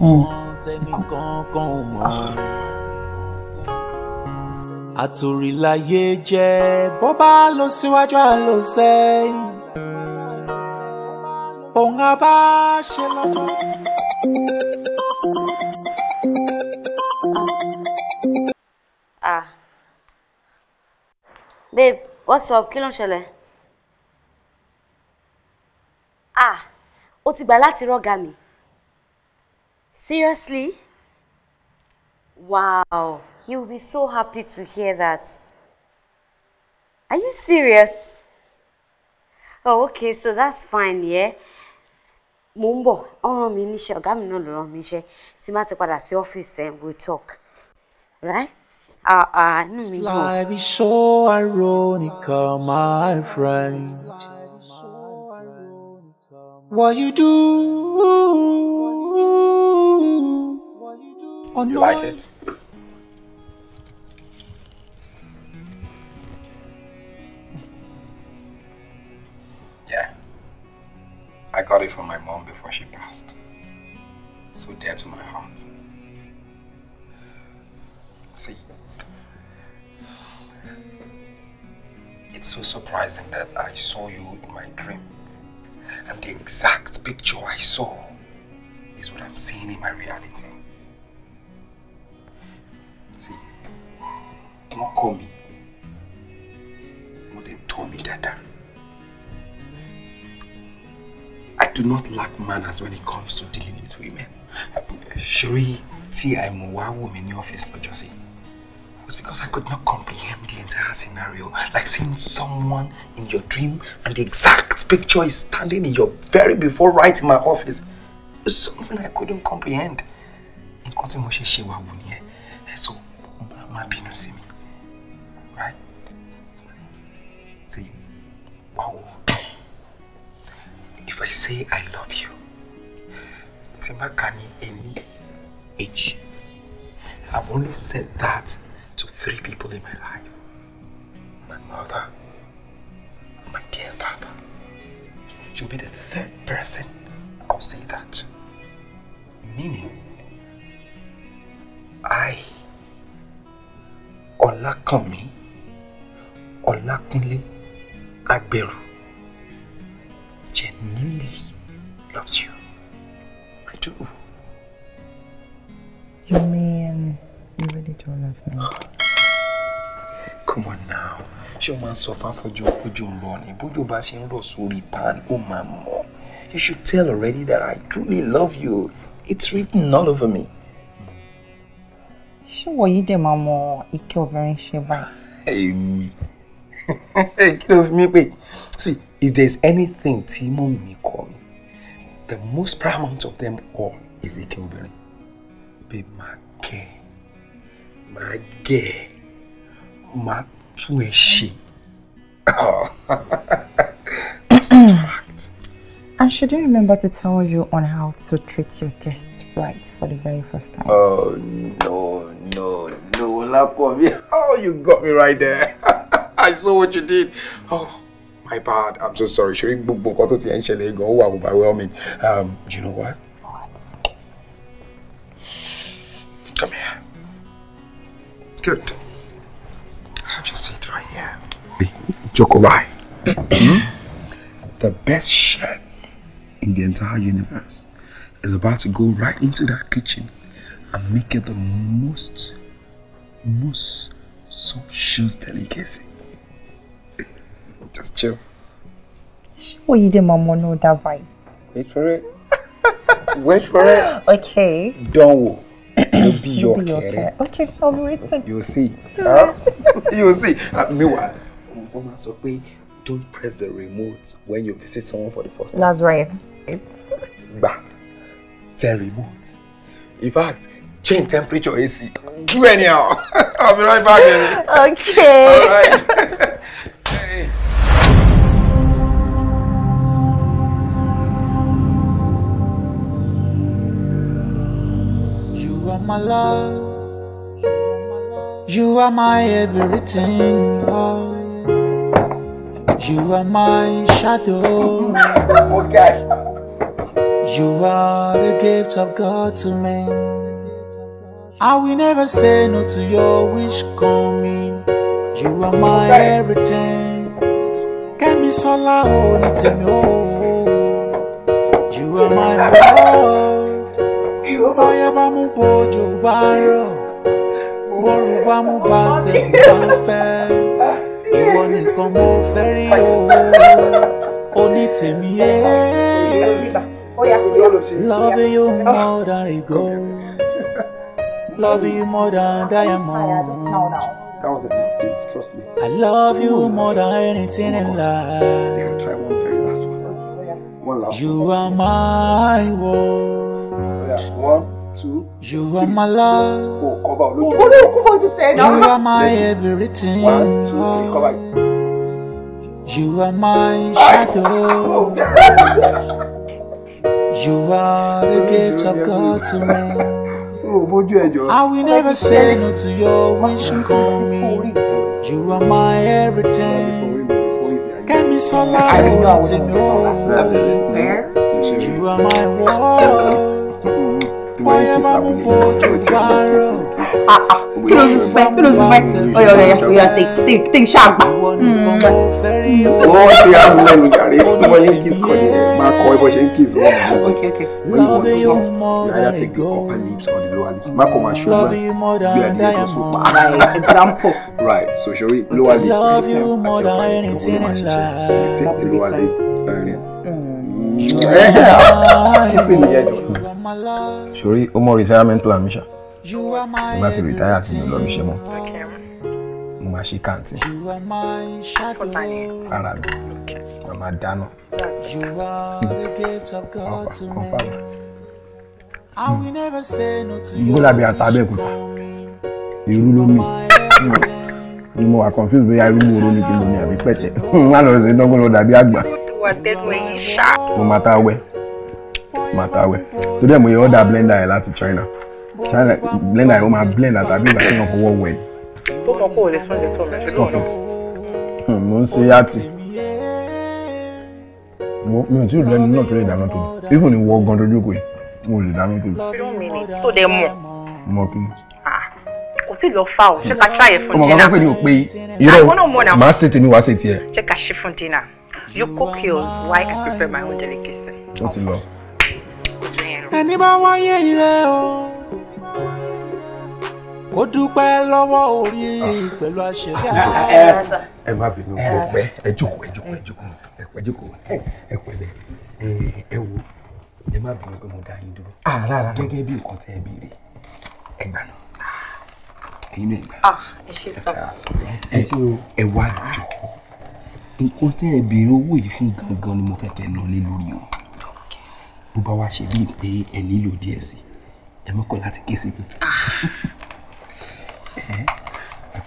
oh. jẹ́ bó bá lọ síwájú à sẹ́yìn. òun á bá ṣe lọ́jọ́. ah babe what's up kí ló ń ṣẹlẹ̀ ah ó ti gbà láti rọ́gà mi seriously wow he will be so happy to hear that are you serious oh okay so that's fine yeah mo ń bọ̀ ọ́n rán mi níṣẹ́ ọ̀gá mi náà ló rán mi níṣẹ́ tí má ti padà sí ọ́fíìsì ẹ̀ eh, we talk right? Ah, ah, inú mi dùn. Life is so ironical, my friend. What you do? Or you like it? Yeah. I got it from my mom before she passed. So dear to my heart. See, it's so surprising that I saw you in my dream. And the exact picture I saw is what I'm seeing in my reality. See, don't call me. More than told me that. I do not lack manners when it comes to dealing with women. Shuri, tí woman in mí office, ọ́fíìsì just see. was because I could not comprehend the entire scenario. Like seeing someone in your dream and the exact picture is standing in your very before right in my office. It's something I couldn't comprehend. Nǹkan tí mo so má bínú sí mi. Right? See, wow. If I say I love you, tí kani any age? I've only said that three people in my life my mother, my dear father. You'll be the third person I'll say that. Meaning, I, Olakomi, Olakunle Agberu, genuinely loves you. I do. You mean you really do love me? ṣé o máa sọ fáfọ́jú ojú ń rọ ni bójú bá ṣe ń rọ̀ sórí pan ó máa mọ̀ you should tell already that I truly love you it's written all over me. ṣé wọ̀nyí dẹ̀ máa mọ ike obìnrin ṣe báyìí. èmi kí ló fi mí pè see if there is anything tí mò ń mi kọ mi the most paramount of them all is ike obìnrin babe máa kẹ́ máa gẹ̀ máa tún ẹ fact. And she didn't remember to tell you on how to treat your guests right for the very first time. Oh, no, no, no, Olakomi. Oh, you got me right there. I saw what you did. Oh, my bad. I'm so sorry. Should we book book auto to Enshele go overwhelming? Um, do you know what? What? Come here. Good. Just sit you right here? Jokobai. Hmm? the best chef in the entire universe is about to go right into that kitchen and make it the most, most sumptuous delicacy. Just chill. What you did, Mama? No, that vibe. Wait for it. Wait for it. Okay. Don't. You'll be your care. Okay, I'll be waiting. You'll see. Huh? You'll see. Uh, meanwhile, Mama sọ pé don't press the remote when you visit someone for the first time. That's right. Bah, eh? tẹ remote. In fact, change temperature AC. Do anyhow. I'll be right back. Okay. All right. my love. You are my everything. Oh. You are my shadow. You are the gift of God to me. I will never say no to your wish coming. You are my everything. me sọ́lá ò ní tèmi o. You are my love báyà bá mú bòjò bá rọ̀ bóru bá mú bàtẹ̀ bá ń fẹ́ ìwọ nìkan mo fẹ́ rí o onítèmi yé love you more than a gold love you more than diamond. I love you more than anything in life. You are my world one two. you are my love. o kọ bá olójú. o lè kó ojú tẹ̀ náà. you are my everything. one two three kọ báyìí. you are my shadow. Oh, you are the gift of God to me. Oh, I will never say no to your wish and call me. You are my everything. Get me Kẹ́mi sọ́lá òní tèmi ó. You are my world. Ah, ah, kí ló ti pẹ́ kí ló Um, sori o mọ retirement plan mi ṣá nígbà tí retire ti mi lọ mi ṣe mọ mo máa ṣe kàǹtì fara mi màá máa dáná ọkọ kan fara gbọ́dọ̀ bí àtàbẹ̀kúta irú ló mì sí ni mo wà confused bóyá irú mo ronú kí n lò ní àbí pẹ̀tẹ̀ wọn á lọ sí dọ́gbọ́n lọ dàbí àgbà wà tẹnu ẹ̀yìn ṣá. mo máa ta wẹ máa ta wẹ torí ẹ mo yẹ ọdà blender yẹn láti China China blender yẹn ó máa blend àtàbí ìgbà tí wọn fọwọ́ wẹ ni. ó mọ kó o lè sún lè tọ̀ lọ sí ọ̀nà. Hmm, mo ń ṣe yàtì mi ò tí ì lẹ́nu náà tó lè dáná tó mi even ni wọ́ gan dojú kò yìí mo lè dáná tó mi. tó dẹ mọ. mọ kí ni ah, kò tí lọ fa o ṣé ká ṣàyẹ̀ fún dínà. ọmọ kan tó pè ní òpè irọ́ ah, màá ṣe tèmi wàá ṣe tiẹ̀. ṣé ká ṣe fún dínà. You cook yours Why I prepare my own delicacy. What's in love? Ẹni bá wáyé ire o, ó dúpẹ́ lọ́wọ́ orí pẹ̀lú àṣẹdá. Ah, eh, eh, ẹ má bínú eh, mo pẹ́, ẹ jókòó, ẹ jókòó, ẹ jókòó, ẹ pẹ́ jókòó, ẹ pẹ̀lẹ́, ẹ wo, ẹ má bínú pé mo dá yín dúró. Ah, Gẹ́gẹ́ bí nǹkan tẹ́ ẹ béèrè, ẹ gbà náà ah. ẹ̀yin náà gbà. Ẹ ṣe sọ. Ẹ wá jọ̀ọ́ nǹkan tẹ́ ẹ béèrè owó yìí fún gangan ni mo fẹ́ fẹ́ lọ lé lórí o bó bá wá ṣe bíi pé ẹ nílò díẹ̀ sí ẹ mọ́kàn láti ké sí mi. Ah,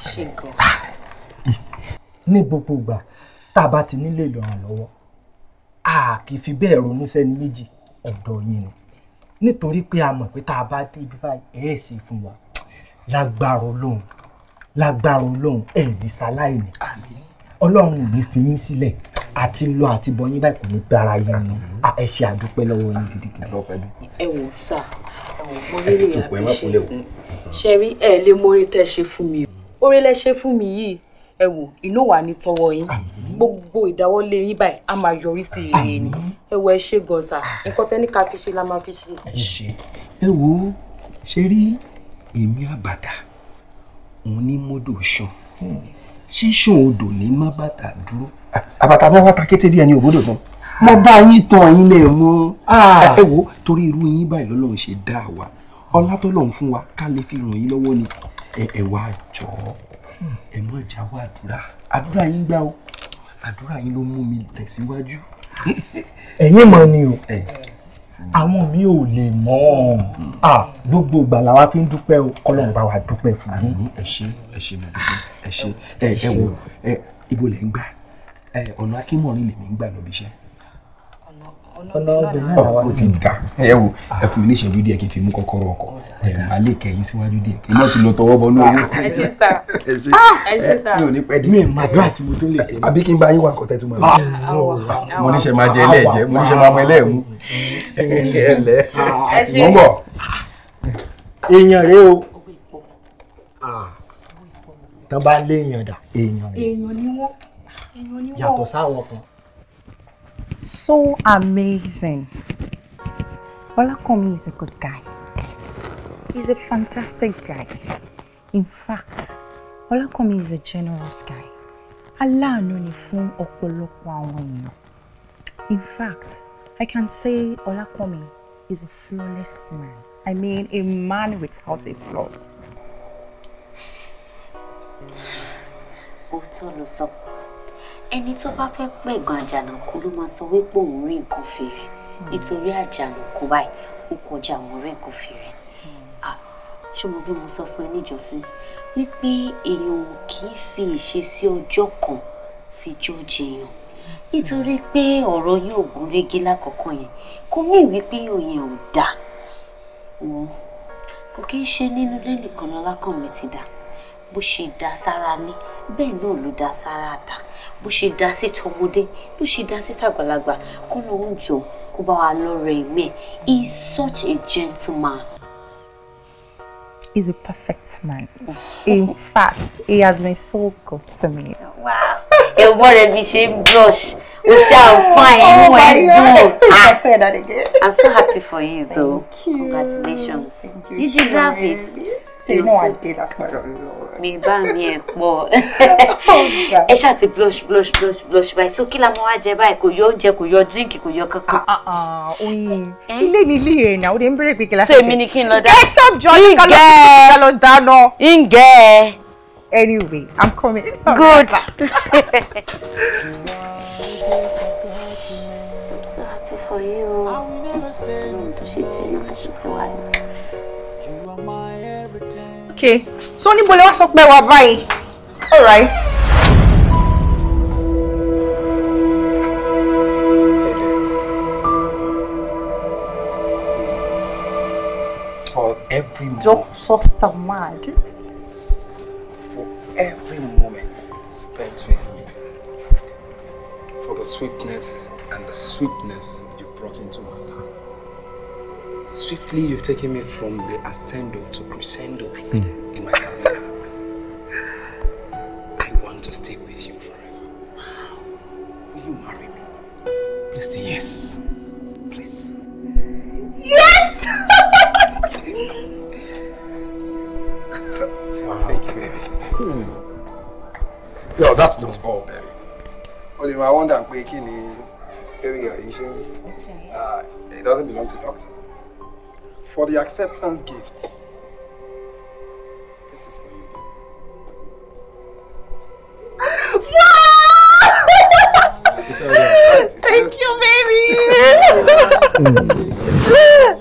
ṣe gan. ní gbogbo ìgbà tá a bá ti nílò ìrànlọ́wọ́ a kì í fi bẹ́ẹ̀ ronú sẹ́ni méjì ọ̀dọ̀ yín ni nítorí pé a mọ̀ pé tá a bá dé ibi báyìí ẹ̀ sì fún wa lágbára Ọlọ́run lágbára Ọlọ́run ẹ̀ ní sáláì ní ọlọ́run ò ní fi yín sílẹ̀ àti lọ àti bọ yín báyìí kò ní bára yín ni ẹ ṣe àdúpẹ́ lọ́wọ́ yín gidigidi. ẹ wò sá mo really appreciate ni ṣe rí ẹ lè mórí tẹ ṣe fún mi oore lẹ ṣe fún mi yìí ẹ wò iná wà ní tọwọ́ yín gbogbo ìdáwọ́lé yín báyìí a máa yọrí sí rere ni ẹ wò ẹ ṣe gan sá nǹkan tẹ́ ní ká fi ṣe la máa fi ṣe. ẹ ṣe ẹ ṣe rí èmi àbàdà òun ní mọ́dò ṣan ṣíṣàn odò ní má bàtà dúró. Ah, àbàtà mi wá ta kété bí ẹni òbódò gan. mo bá yín tan yín lẹ mọ. Ah. ẹ wo torí irú yín báyìí lọ́lọ́run ṣe dá wa ọlá tó lọ́run fún wa ká lè fi ràn yín lọ́wọ́ ni ẹ wá jọ ẹ mọ̀ ìjà wa àdúrà àdúrà yín gbà o àdúrà yín ló mú mi tẹ̀síwájú. ẹ̀yin mọ̀ ni o àwọn mi ò lè mọ ọ gbogbo ìgbà la wa fi ń dúpẹ́ o bá wa dúpẹ́ fún yín. ẹ ṣe ẹ ṣe mo dúpẹ́ ẹ ẹ wo ẹ ibo lẹ ń gbà ọ̀nà akínmọ̀rin lèmi ń gbà lọ́bi ọ̀nà ọ̀bẹ náà wà ní. ó ti dà ẹ wo ẹ fún mi ní ìṣẹ́jú díẹ̀ kí n fi mú kọ́kọ́rọ́ ọkọ̀ ẹ máa lè kẹ́yìn síwájú díẹ̀ kí n náà ti lọ tọwọ́ bọ ní owó. ẹ ṣe sá ẹ ṣe ah, sá mi ò ní pẹ́ dé. mi máa dúrà tí mo tó lè ṣe. àbí kí n bá yín wá nǹkan tẹ́tù máa mú. Ah, ah, mo níṣẹ́ máa jẹ ẹlẹ́ẹ̀jẹ mo níṣẹ́ máa mọ ẹlẹ́ẹ̀mú. èèyàn rèé o tán bá léèyàn dà èèyàn rèé yàtọ̀ sáwọn kan so amazing. Olakomi is a good guy. He's a fantastic guy. In fact, Olakomi is a generous guy. Aláàánú ni fún ọ̀pọ̀lọpọ̀ In fact, I can say Olakomi is a flawless man. I mean, a man without a flaw. Òótọ́ ló ẹni tó bá fẹ́ pẹ̀gàn àjànàkú ló máa sọ wípé òun rí nǹkan fèrè hmm. nítorí àjànàkú báyìí ó kọjá òun rí nǹkan fèrè hmm. ṣùgbọ́n bí mo sọ fún ẹ níjọ́sí wípé èèyàn ò kì í fi ìṣesí ọjọ́ kan fi jọ́ jẹyàn hmm. nítorí pé ọ̀rọ̀ yóò gún régé lákọ̀ọ́kọ́ yẹn kò mí wípé òyìn ò dáa wọ́n kò kí ń ṣe nínú ilé nìkan lọ́lákàn mi ti dà bó ṣe dá sára ní bẹ́ẹ̀ náà ló dá sára ta bó ṣe dá sí tọmọdé ló ṣe dá sí tàgbàlagbà kọ́ ló ń kó bá wa lọ́rọ̀ ẹ̀mí ẹ̀ he is such a gentleman. He's a perfect man. In fact, he has been so good to me. Wow. Ẹ̀wọ́n rẹ̀ mi ṣe ń blush. O ṣe àǹfààní inú oh ẹ̀ dùn. Ah. I I'm so happy for you though. Thank you. Congratulations. Thank you. You deserve it. Ṣé inú àdé lápá lọ mi bá mi ẹ̀ pọ̀ ẹ ṣáà ti blush blush blush blush báyìí so kí la mọ wá jẹ báyìí kò yọ oúnjẹ kò yọ díǹkì kò yọ kankan. Ah, ah, ah, oyin eh? ilé ni ilé rẹ̀ náà ó lè ń pé kí la fẹ́ jẹ so èmi ni kí n lọ dá. ẹ tọ́ jọ ní ká dáná. ǹgẹ́. anyway i'm coming. good. Mm, okay. so níbo lè wá sọ pé wà báyìí all right. For every moment. Doctor Samad. For every moment spent with me. For the sweetness and the sweetness you brought into my life. Swiftly, you've taken me from the ascendo to crescendo mm. in my career. I want to stay with you forever. Will you marry me? Please say yes. Please. Yes! Thank you, baby. Hmm. No, that's not all, baby. Oliver, my wonder, eh? baby girl, you should. Okay. Uh, it doesn't belong to doctor for the acceptance gift. This is for you, baby. it's Thank you, baby.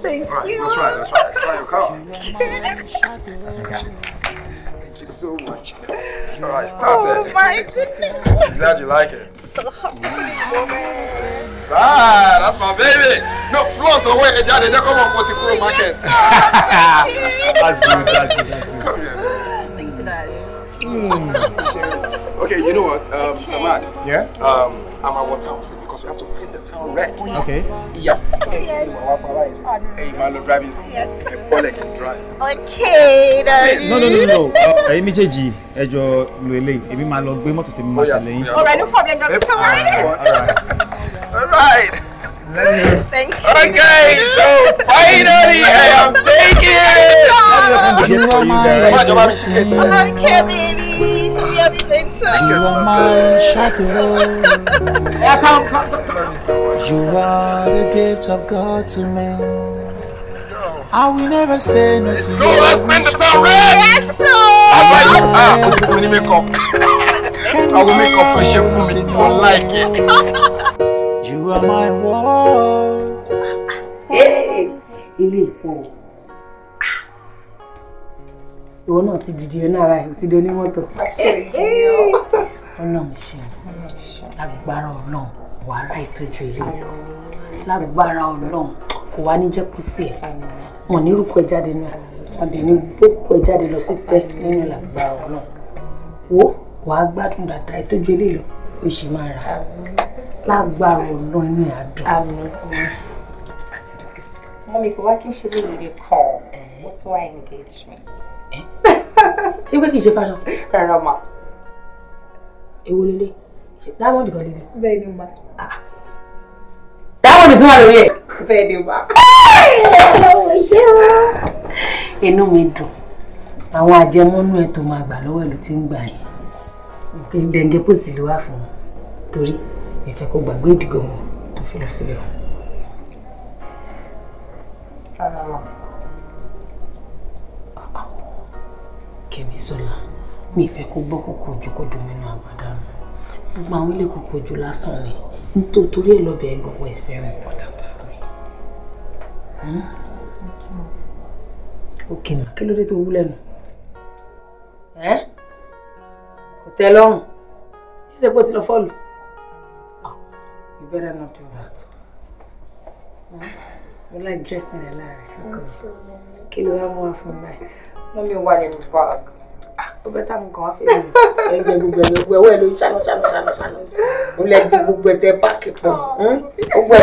Thank you. That's right. That's right. Try your car. Thank you so much. All right, started. Oh my goodness. I'm glad you like it. So hot. Right, that's my baby. no blunt owó ẹ̀ jáde jẹ́ kọ́mọ̀ mo ti kúrò market. okay you know what um, Samad. Yeah? Um, I'm at water house because we have to paint the town red. Oh, okay. Yeah. Hey, my no driving is a bollock can drive. Okay, then. No, no, no, no. Uh, ẹ̀yin méjèèjì, ẹ jọ̀ọ́ lo eléyìí. Èmi máa lọ gbé mọ́tò tèmi máa oh, tẹ̀lé yín. All right, no problem. That's all right. All right. Thank you. Okay, so finally I am taking it. You are my I not you are my shadow. yeah, come, come, come, come. You are the gift of God to me. I will never say no. Let's go, let's spend the time red. Yes, sir. Ah, ah, I will make up. I will make up for shame for me. You won't like it. You are my world. Ilé ìpọ̀ o. Ìwọ náà ti dìde ẹ̀ náà ra ẹ̀ ti di onímọ́tò. Ọ̀nà mi ṣe lágbára Ọlọ́run wàá ra ìtọ́jú ilé lọ. Lágbára Ọlọ́run kò wá ní jẹ́ písì ẹ̀. Wọ́n ní rúkọ ẹ̀ jáde náà. Àbẹ̀ ní gbókò ẹ̀ jáde lọ sí tẹ́ nínú lágbára Ọlọ́run. Wo wàá gbádùn dáadáa ìtọ́jú ilé lọ. O ṣì máa rà á lágbára ọ̀nà inú ẹ̀ àdùn. àmín mọ mi kò wá kí n ṣe lóye lè kàn ó tún wá engage mi. ṣé pé kì í ṣe fashion. rárá ma. èwo lélẹ̀ diamond kan lélẹ̀. bẹ́ẹ̀ ni ma. Ah. diamond tún wà lórí ẹ̀. bẹ́ẹ̀ ni ma. ṣé o. inú mi dùn àwọn àjẹmọ́nú ẹ̀ tó máa gbà lọ́wọ́ ẹ̀ ló ti ń gbà yẹn kí n dẹ̀ǹgẹ́ pòsì ló wà fún un torí mi fẹ́ kó gbàgbé ìdìgbò wọn tó fi lọ síbẹ̀ wọn. kẹ́mi sọ́la mi fẹ́ kó gbọ́ kókó ojú kó dùn mí nínú àgbàdo àmọ́ gbogbo àwọn ilé kókó ojú lásán ni nítorí ẹ̀ lọ́bẹ̀ ẹ̀ gbogbo is very important for me. òkè mà kí ló dé tó wú lẹ́nu kò tẹ́ lọ́rùn ṣé kó ti lọ fọ́ọ̀lù. You better not do that. Huh? Will I dress in a lie? Kí ló wá mú wá fún báyìí. Mommy wà nínú park. Ah, o better mú kan wá fẹ́ mi. Ẹ jẹ gbogbo ẹ̀ lọ́wọ́ ẹ̀wọ́ ẹ̀ ló ń ṣàánú ṣàánú ṣàánú ṣàánú. Mo lẹ di gbogbo ẹ̀ tẹ páàkì pọ̀. Oh. Hmm? Gbogbo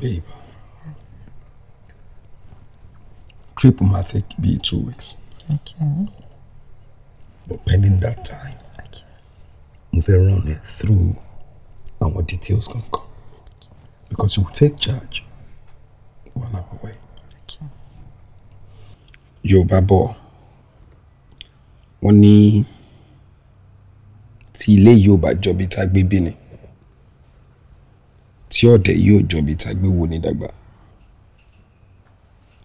Babe. trip might take be two weeks. Okay. But pending that time, okay. mo run it through and what details can kankan because you take charge One I'm away. Okay. Yorùbá bọ̀ wọ́n ní tí ilé yìí ò bá jọbi tá gbé bí ni tí ọ̀dẹ̀ yìí ò jọbi wo ni dàgbà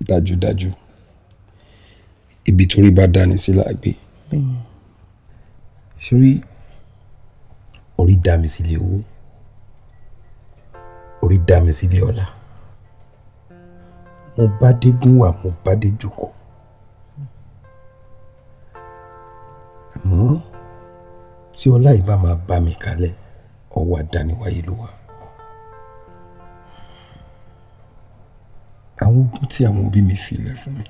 dájúdájú. Dájú ibi torí bá dání sí là á gbé. sori orí dá mi sílé owó orí dá mi sílé ọlá mo bá dé gúnwà mo bá dé jókòó àmọ́ tí ọlá yìí bá máa bá mi kalẹ̀ ọwọ́ àdániwáyé ló wà. àwọn ogún tí àwọn òbí mi fi lẹ̀ fún mi.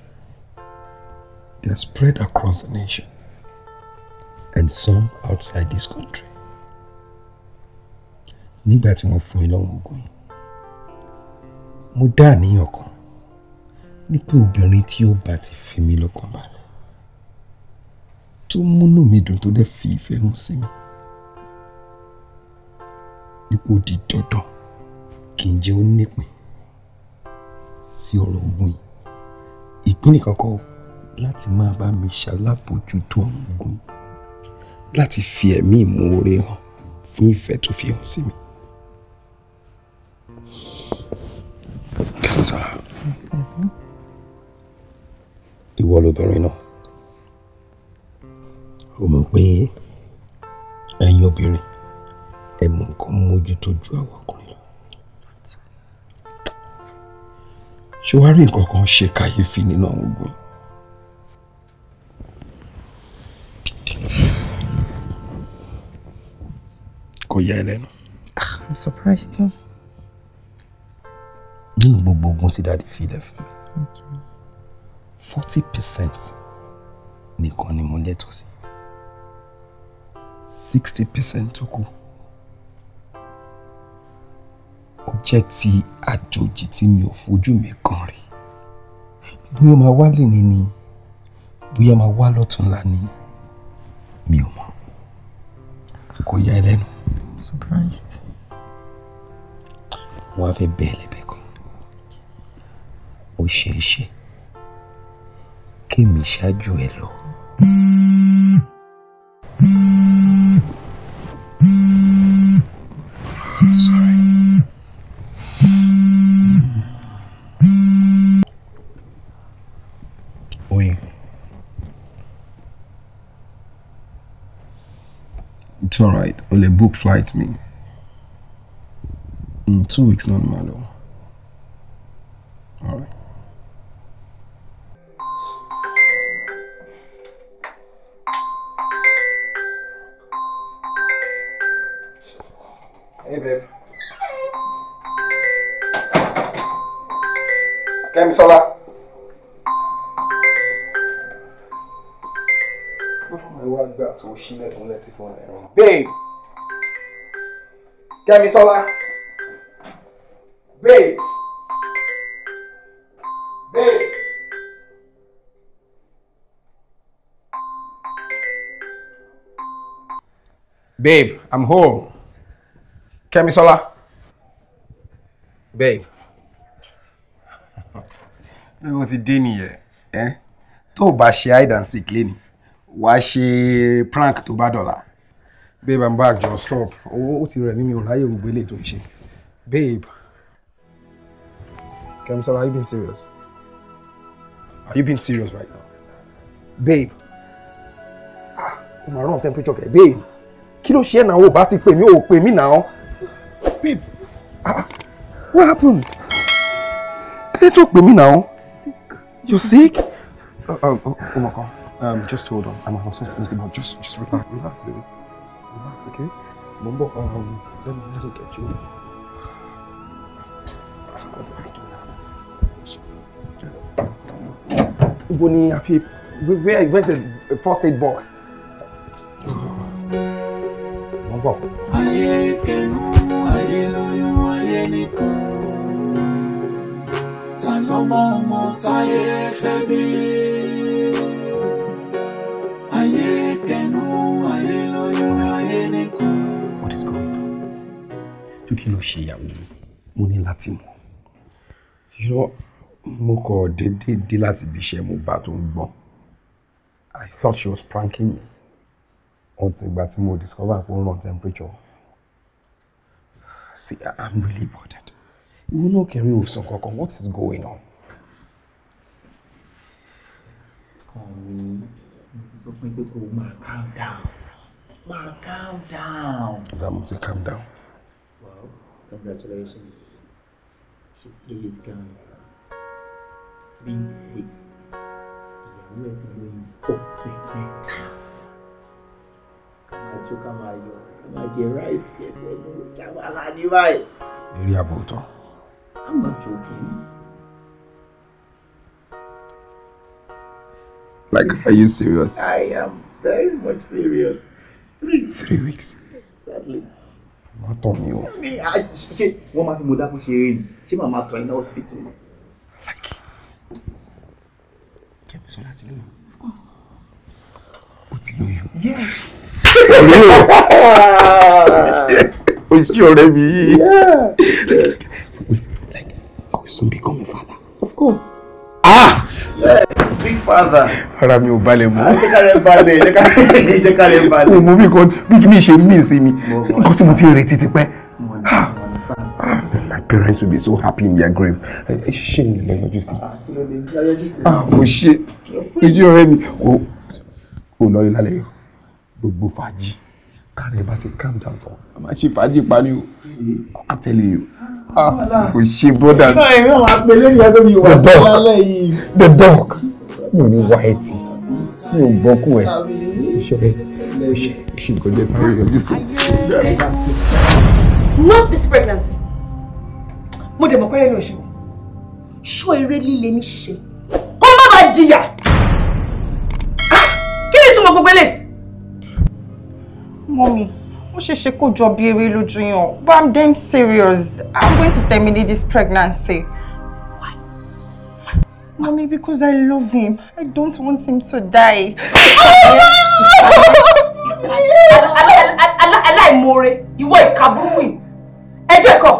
They are spread across the nation and some outside this country. Nígbà tí wọ́n fún mi lọ́wọ́ ogun yìí, mo dá àníyàn kan nípa obìnrin tí ó bá ti fi mí lọ́kàn balẹ̀ tó múnú mi dùn tó dẹ̀ fi ìfẹ́ hàn sí mi nípa ó di dandan kì í jẹ́ ó nípìn sí ọ̀rọ̀ ogun yìí ìpínlẹ̀ kankan o láti máa bá mi ṣalábòjútó àwọn ogun láti fi ẹ̀mí ìmoore hàn fún ìfẹ́ tó fi hàn sí mi. Kàmísọ́lá, ìwọ lóbìnrin náà, o mọ̀ pé ẹ̀yin obìnrin ẹ mọ̀ nǹkan mójútó ju àwọn ọkùnrin lọ. Ṣé wàá rí nǹkan kan ṣe kàyéfì nínú àwọn ogun yìí? yà ẹ́ ah, I'm surprised too. nínú gbogbo ogun tí dáàdi fi fún mi forty percent nìkan ni mo lẹ́tọ̀ọ́ sí sixty percent tó kù ó jẹ́ ti àjòjì tí mi ò fojú mi kàn rí bóyá máa wá lè ní ni bóyá máa wá lọ́tún ńlá ni mi ò mọ̀ kò yà ẹ́ lẹ́nu surprised. wọ́n á fẹ́ bẹ́ẹ̀ lẹ́bẹ̀ẹ́ kan ó ṣeé ṣe kémi ṣáájú ẹ lọ. It's all right o book flight me in hmm, two weeks náà matter. Tẹ́misọ́lá. Babe. Babe. Babe, I'm home. Kẹ́misọ́lá. Babe. Bí mo ti dé nìyẹn, ẹ́ tó o bá ṣe hide and seek lẹ́ni, wàá ṣe prank tó bá dọ̀la babe i'm back just stop ó ti rẹ̀ mí mi ò ráyè gbogbo eléyìí tó ń ṣe babe Kemisola are you being serious are you being serious right now babe ah o máa rán temperature kẹ babe kí ló ṣe é náà o bá ti pè mí o pè mí náà babe ah what happened kí ló tó pè mí náà you're sick oh, oh, oh, my god um, just hold on i'm at hospital just just relax relax baby. Relax, okay? Mumbo, um, let me, let me get you. How do I do now? Boni, Afib, where, where's the first aid box? Mumbo. Ayé kẹnu, ayé what is going on. jù kí ló you, ìyàwó mi mo ní láti mọ̀. yọ mo kọ déédéé dé láti ibi iṣẹ́ mo bá tó ń i thought she was pranking me until ìgbà tí mo discover pé ó temperature see i'm really bothered You know, carry kẹrí òsàn Kokon. what is going on. Come, mí mo ti sọ fún calm down. Ma, calm down. Damuti, calm down. Wow, congratulations. She's three years gone. Three weeks. Ìyàwó ẹ̀ ti lóyún ọ̀sẹ̀ mẹ́ta. I'm not joking. Like, are you serious? I am very much serious three. three weeks. exactly. má tọ̀ mí o. Ah, ṣé wọ́n máa fi mo dákú She ni ṣé màá máa tọ̀ iná hospital ni. láàkì kí ẹ bí sọ́nà of course. o ti lóyún. yes. Oh, o ṣí ọ̀rẹ́ mi like I will soon become a father. of course. Ah! big father. ara mi ò balẹ̀ mọ́. Ah, jẹ́kárẹ́ balẹ̀ jẹ́kárẹ́ balẹ̀. mo bí nǹkan bí kí ni ṣe mí sí mi nǹkan tí mo ti retí ti pẹ́. Ah! My parents will be so happy in their grave. Ẹ ṣe mi lọ yọjú sí. Mo ṣe ojú ọ̀rẹ́ mi. O lọ rí lálẹ́ gbogbo fàájì kárí ẹ bá ti calm down tán a máa ṣe fàájì parí o i'm telling you ah, kò ṣe brother. ṣé ìrìn àwọn apẹlẹ ìyá tó fi wà lálẹ́ yìí. the dog mi ò ní wá ẹ tì mi ò gbọ́kú ẹ ìṣòro ṣe nǹkan jẹ́ sáré yọjú sí. not this pregnancy mo dẹ̀ mọ̀ pẹ́rẹ́ ní òṣèlú ṣó eré líle ní ṣíṣe kó má bàa jìyà ah, kí ni ìtumọ̀ gbogbo eléyìí. Mommy, ó ṣe ṣe kó jọ bí eré lójú But I'm damn serious. I'm going to terminate this pregnancy. Why? Mommy, because I love him. I don't want him to die. Aláìmoore, ìwọ ìkà burúkú yìí. Ẹjọ́ ẹ̀kọ́,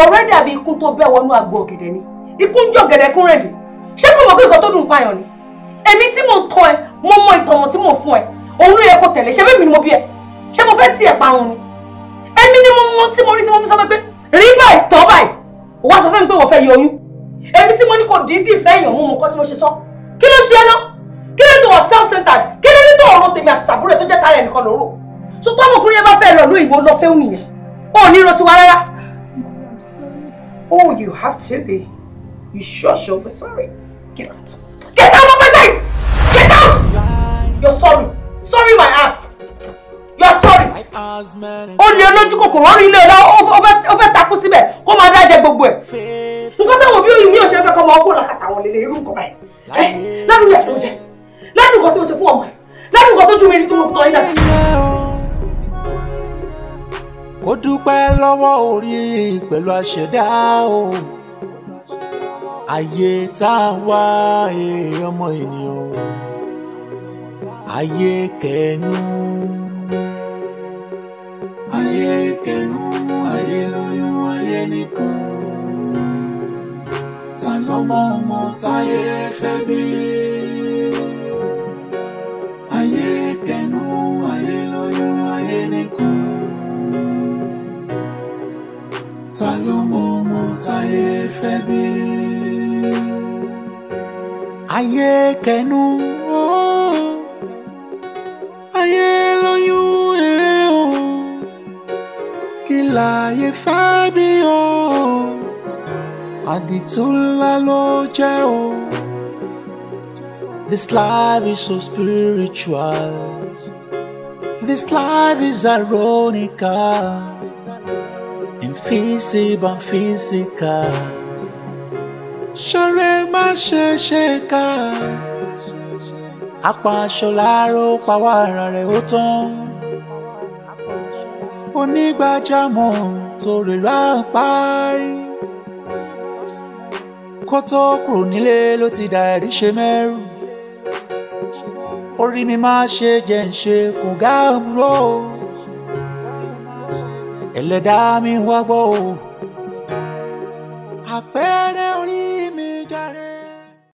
ọ̀rẹ́ dàbí ikú tó bẹ́ wọnú àgbo ọ̀gẹ̀dẹ̀ ni. Ikú ń jọ ọ̀gẹ̀dẹ̀ kún rẹ̀dẹ̀. Ṣé kò mọ̀ pé nǹkan tó dùn payàn ni? Èmi tí mò ń tọ́ ẹ, mo mọ ìtọ̀nà tí mò ń fún ẹ òun yẹ kó tẹ̀lé ṣé bẹ́ẹ̀ ni mo bí ẹ ṣé mo fẹ́ tì ẹ̀ parun ni èmi ni mo mọ tí mo rí tí mo fi sọ pé rí báyìí tọ́ báyìí wá sọ fún mi pé wọ́n fẹ́ yọ oyún èmi tí mo ní kò dídì fẹ́ yàn mú mu nǹkan tí mo ṣe sọ kí ló ṣe náà kí ló tó wọ self centered kí ló ní tó ọ̀run tèmi àti tàbúrò tó jẹ́ tara ẹ̀ lóró so tọ́mọkùnrin yẹn bá fẹ́ lọ lóyìnbó lọ fẹ́ Oh, you have to be. You sure she'll sorry. Get out. Get out of my sight! Get out! You're sorry sorry my ass you are sorry. ó ní olójú kòkòrò ó rí ilé ọlá ó fẹ́ takú síbẹ̀ kó máa dájẹ́ gbogbo ẹ̀. nǹkan táwọn òbí mi ò ṣe fẹ́ kọ́ ọmọ ọkùnrin làkàtà àwọn lèlè irú nǹkan báyìí. lẹ́nu ìyá tí mo jẹ lẹ́nu nǹkan tí mo ṣe fún ọmọ ẹ̀ lẹ́nu nǹkan tó ju mi ní tí mo tọ́ ilé. ó dúpẹ́ lọ́wọ́ orí pẹ̀lú àṣẹdá o àyè tá a wá èèyàn ọmọ ènìyàn ayé kẹnu ayé kẹnu ayé lóyún ayé nìkan ta ló mọ ọmọ táyé fẹ́ bí ayé kẹnu ayé lóyún ayé nìkan ta ló mọ ọmọ táyé fẹ́ bí ayé kẹnu ooo. Oh ayé lóyún ẹ o kí láàyè fẹ́ bí o àdìtú ńlá This life is so spiritual. This life is ironical, invisible and physical. Ṣọ̀rẹ́ má ṣe ṣe ká apàṣọ láàárọ̀ pa wá ara rẹ̀ ó tán onígbàjámọ̀ torí láǹparí kó tó kúrò nílé ló ti dà ẹ̀rí ṣe mẹ́rù orí mi máa ṣe jẹ́ ń ṣe kò gáàmúrò ẹlẹ́dàá mi wá gbọ́ o àpẹẹrẹ orí mi jàre.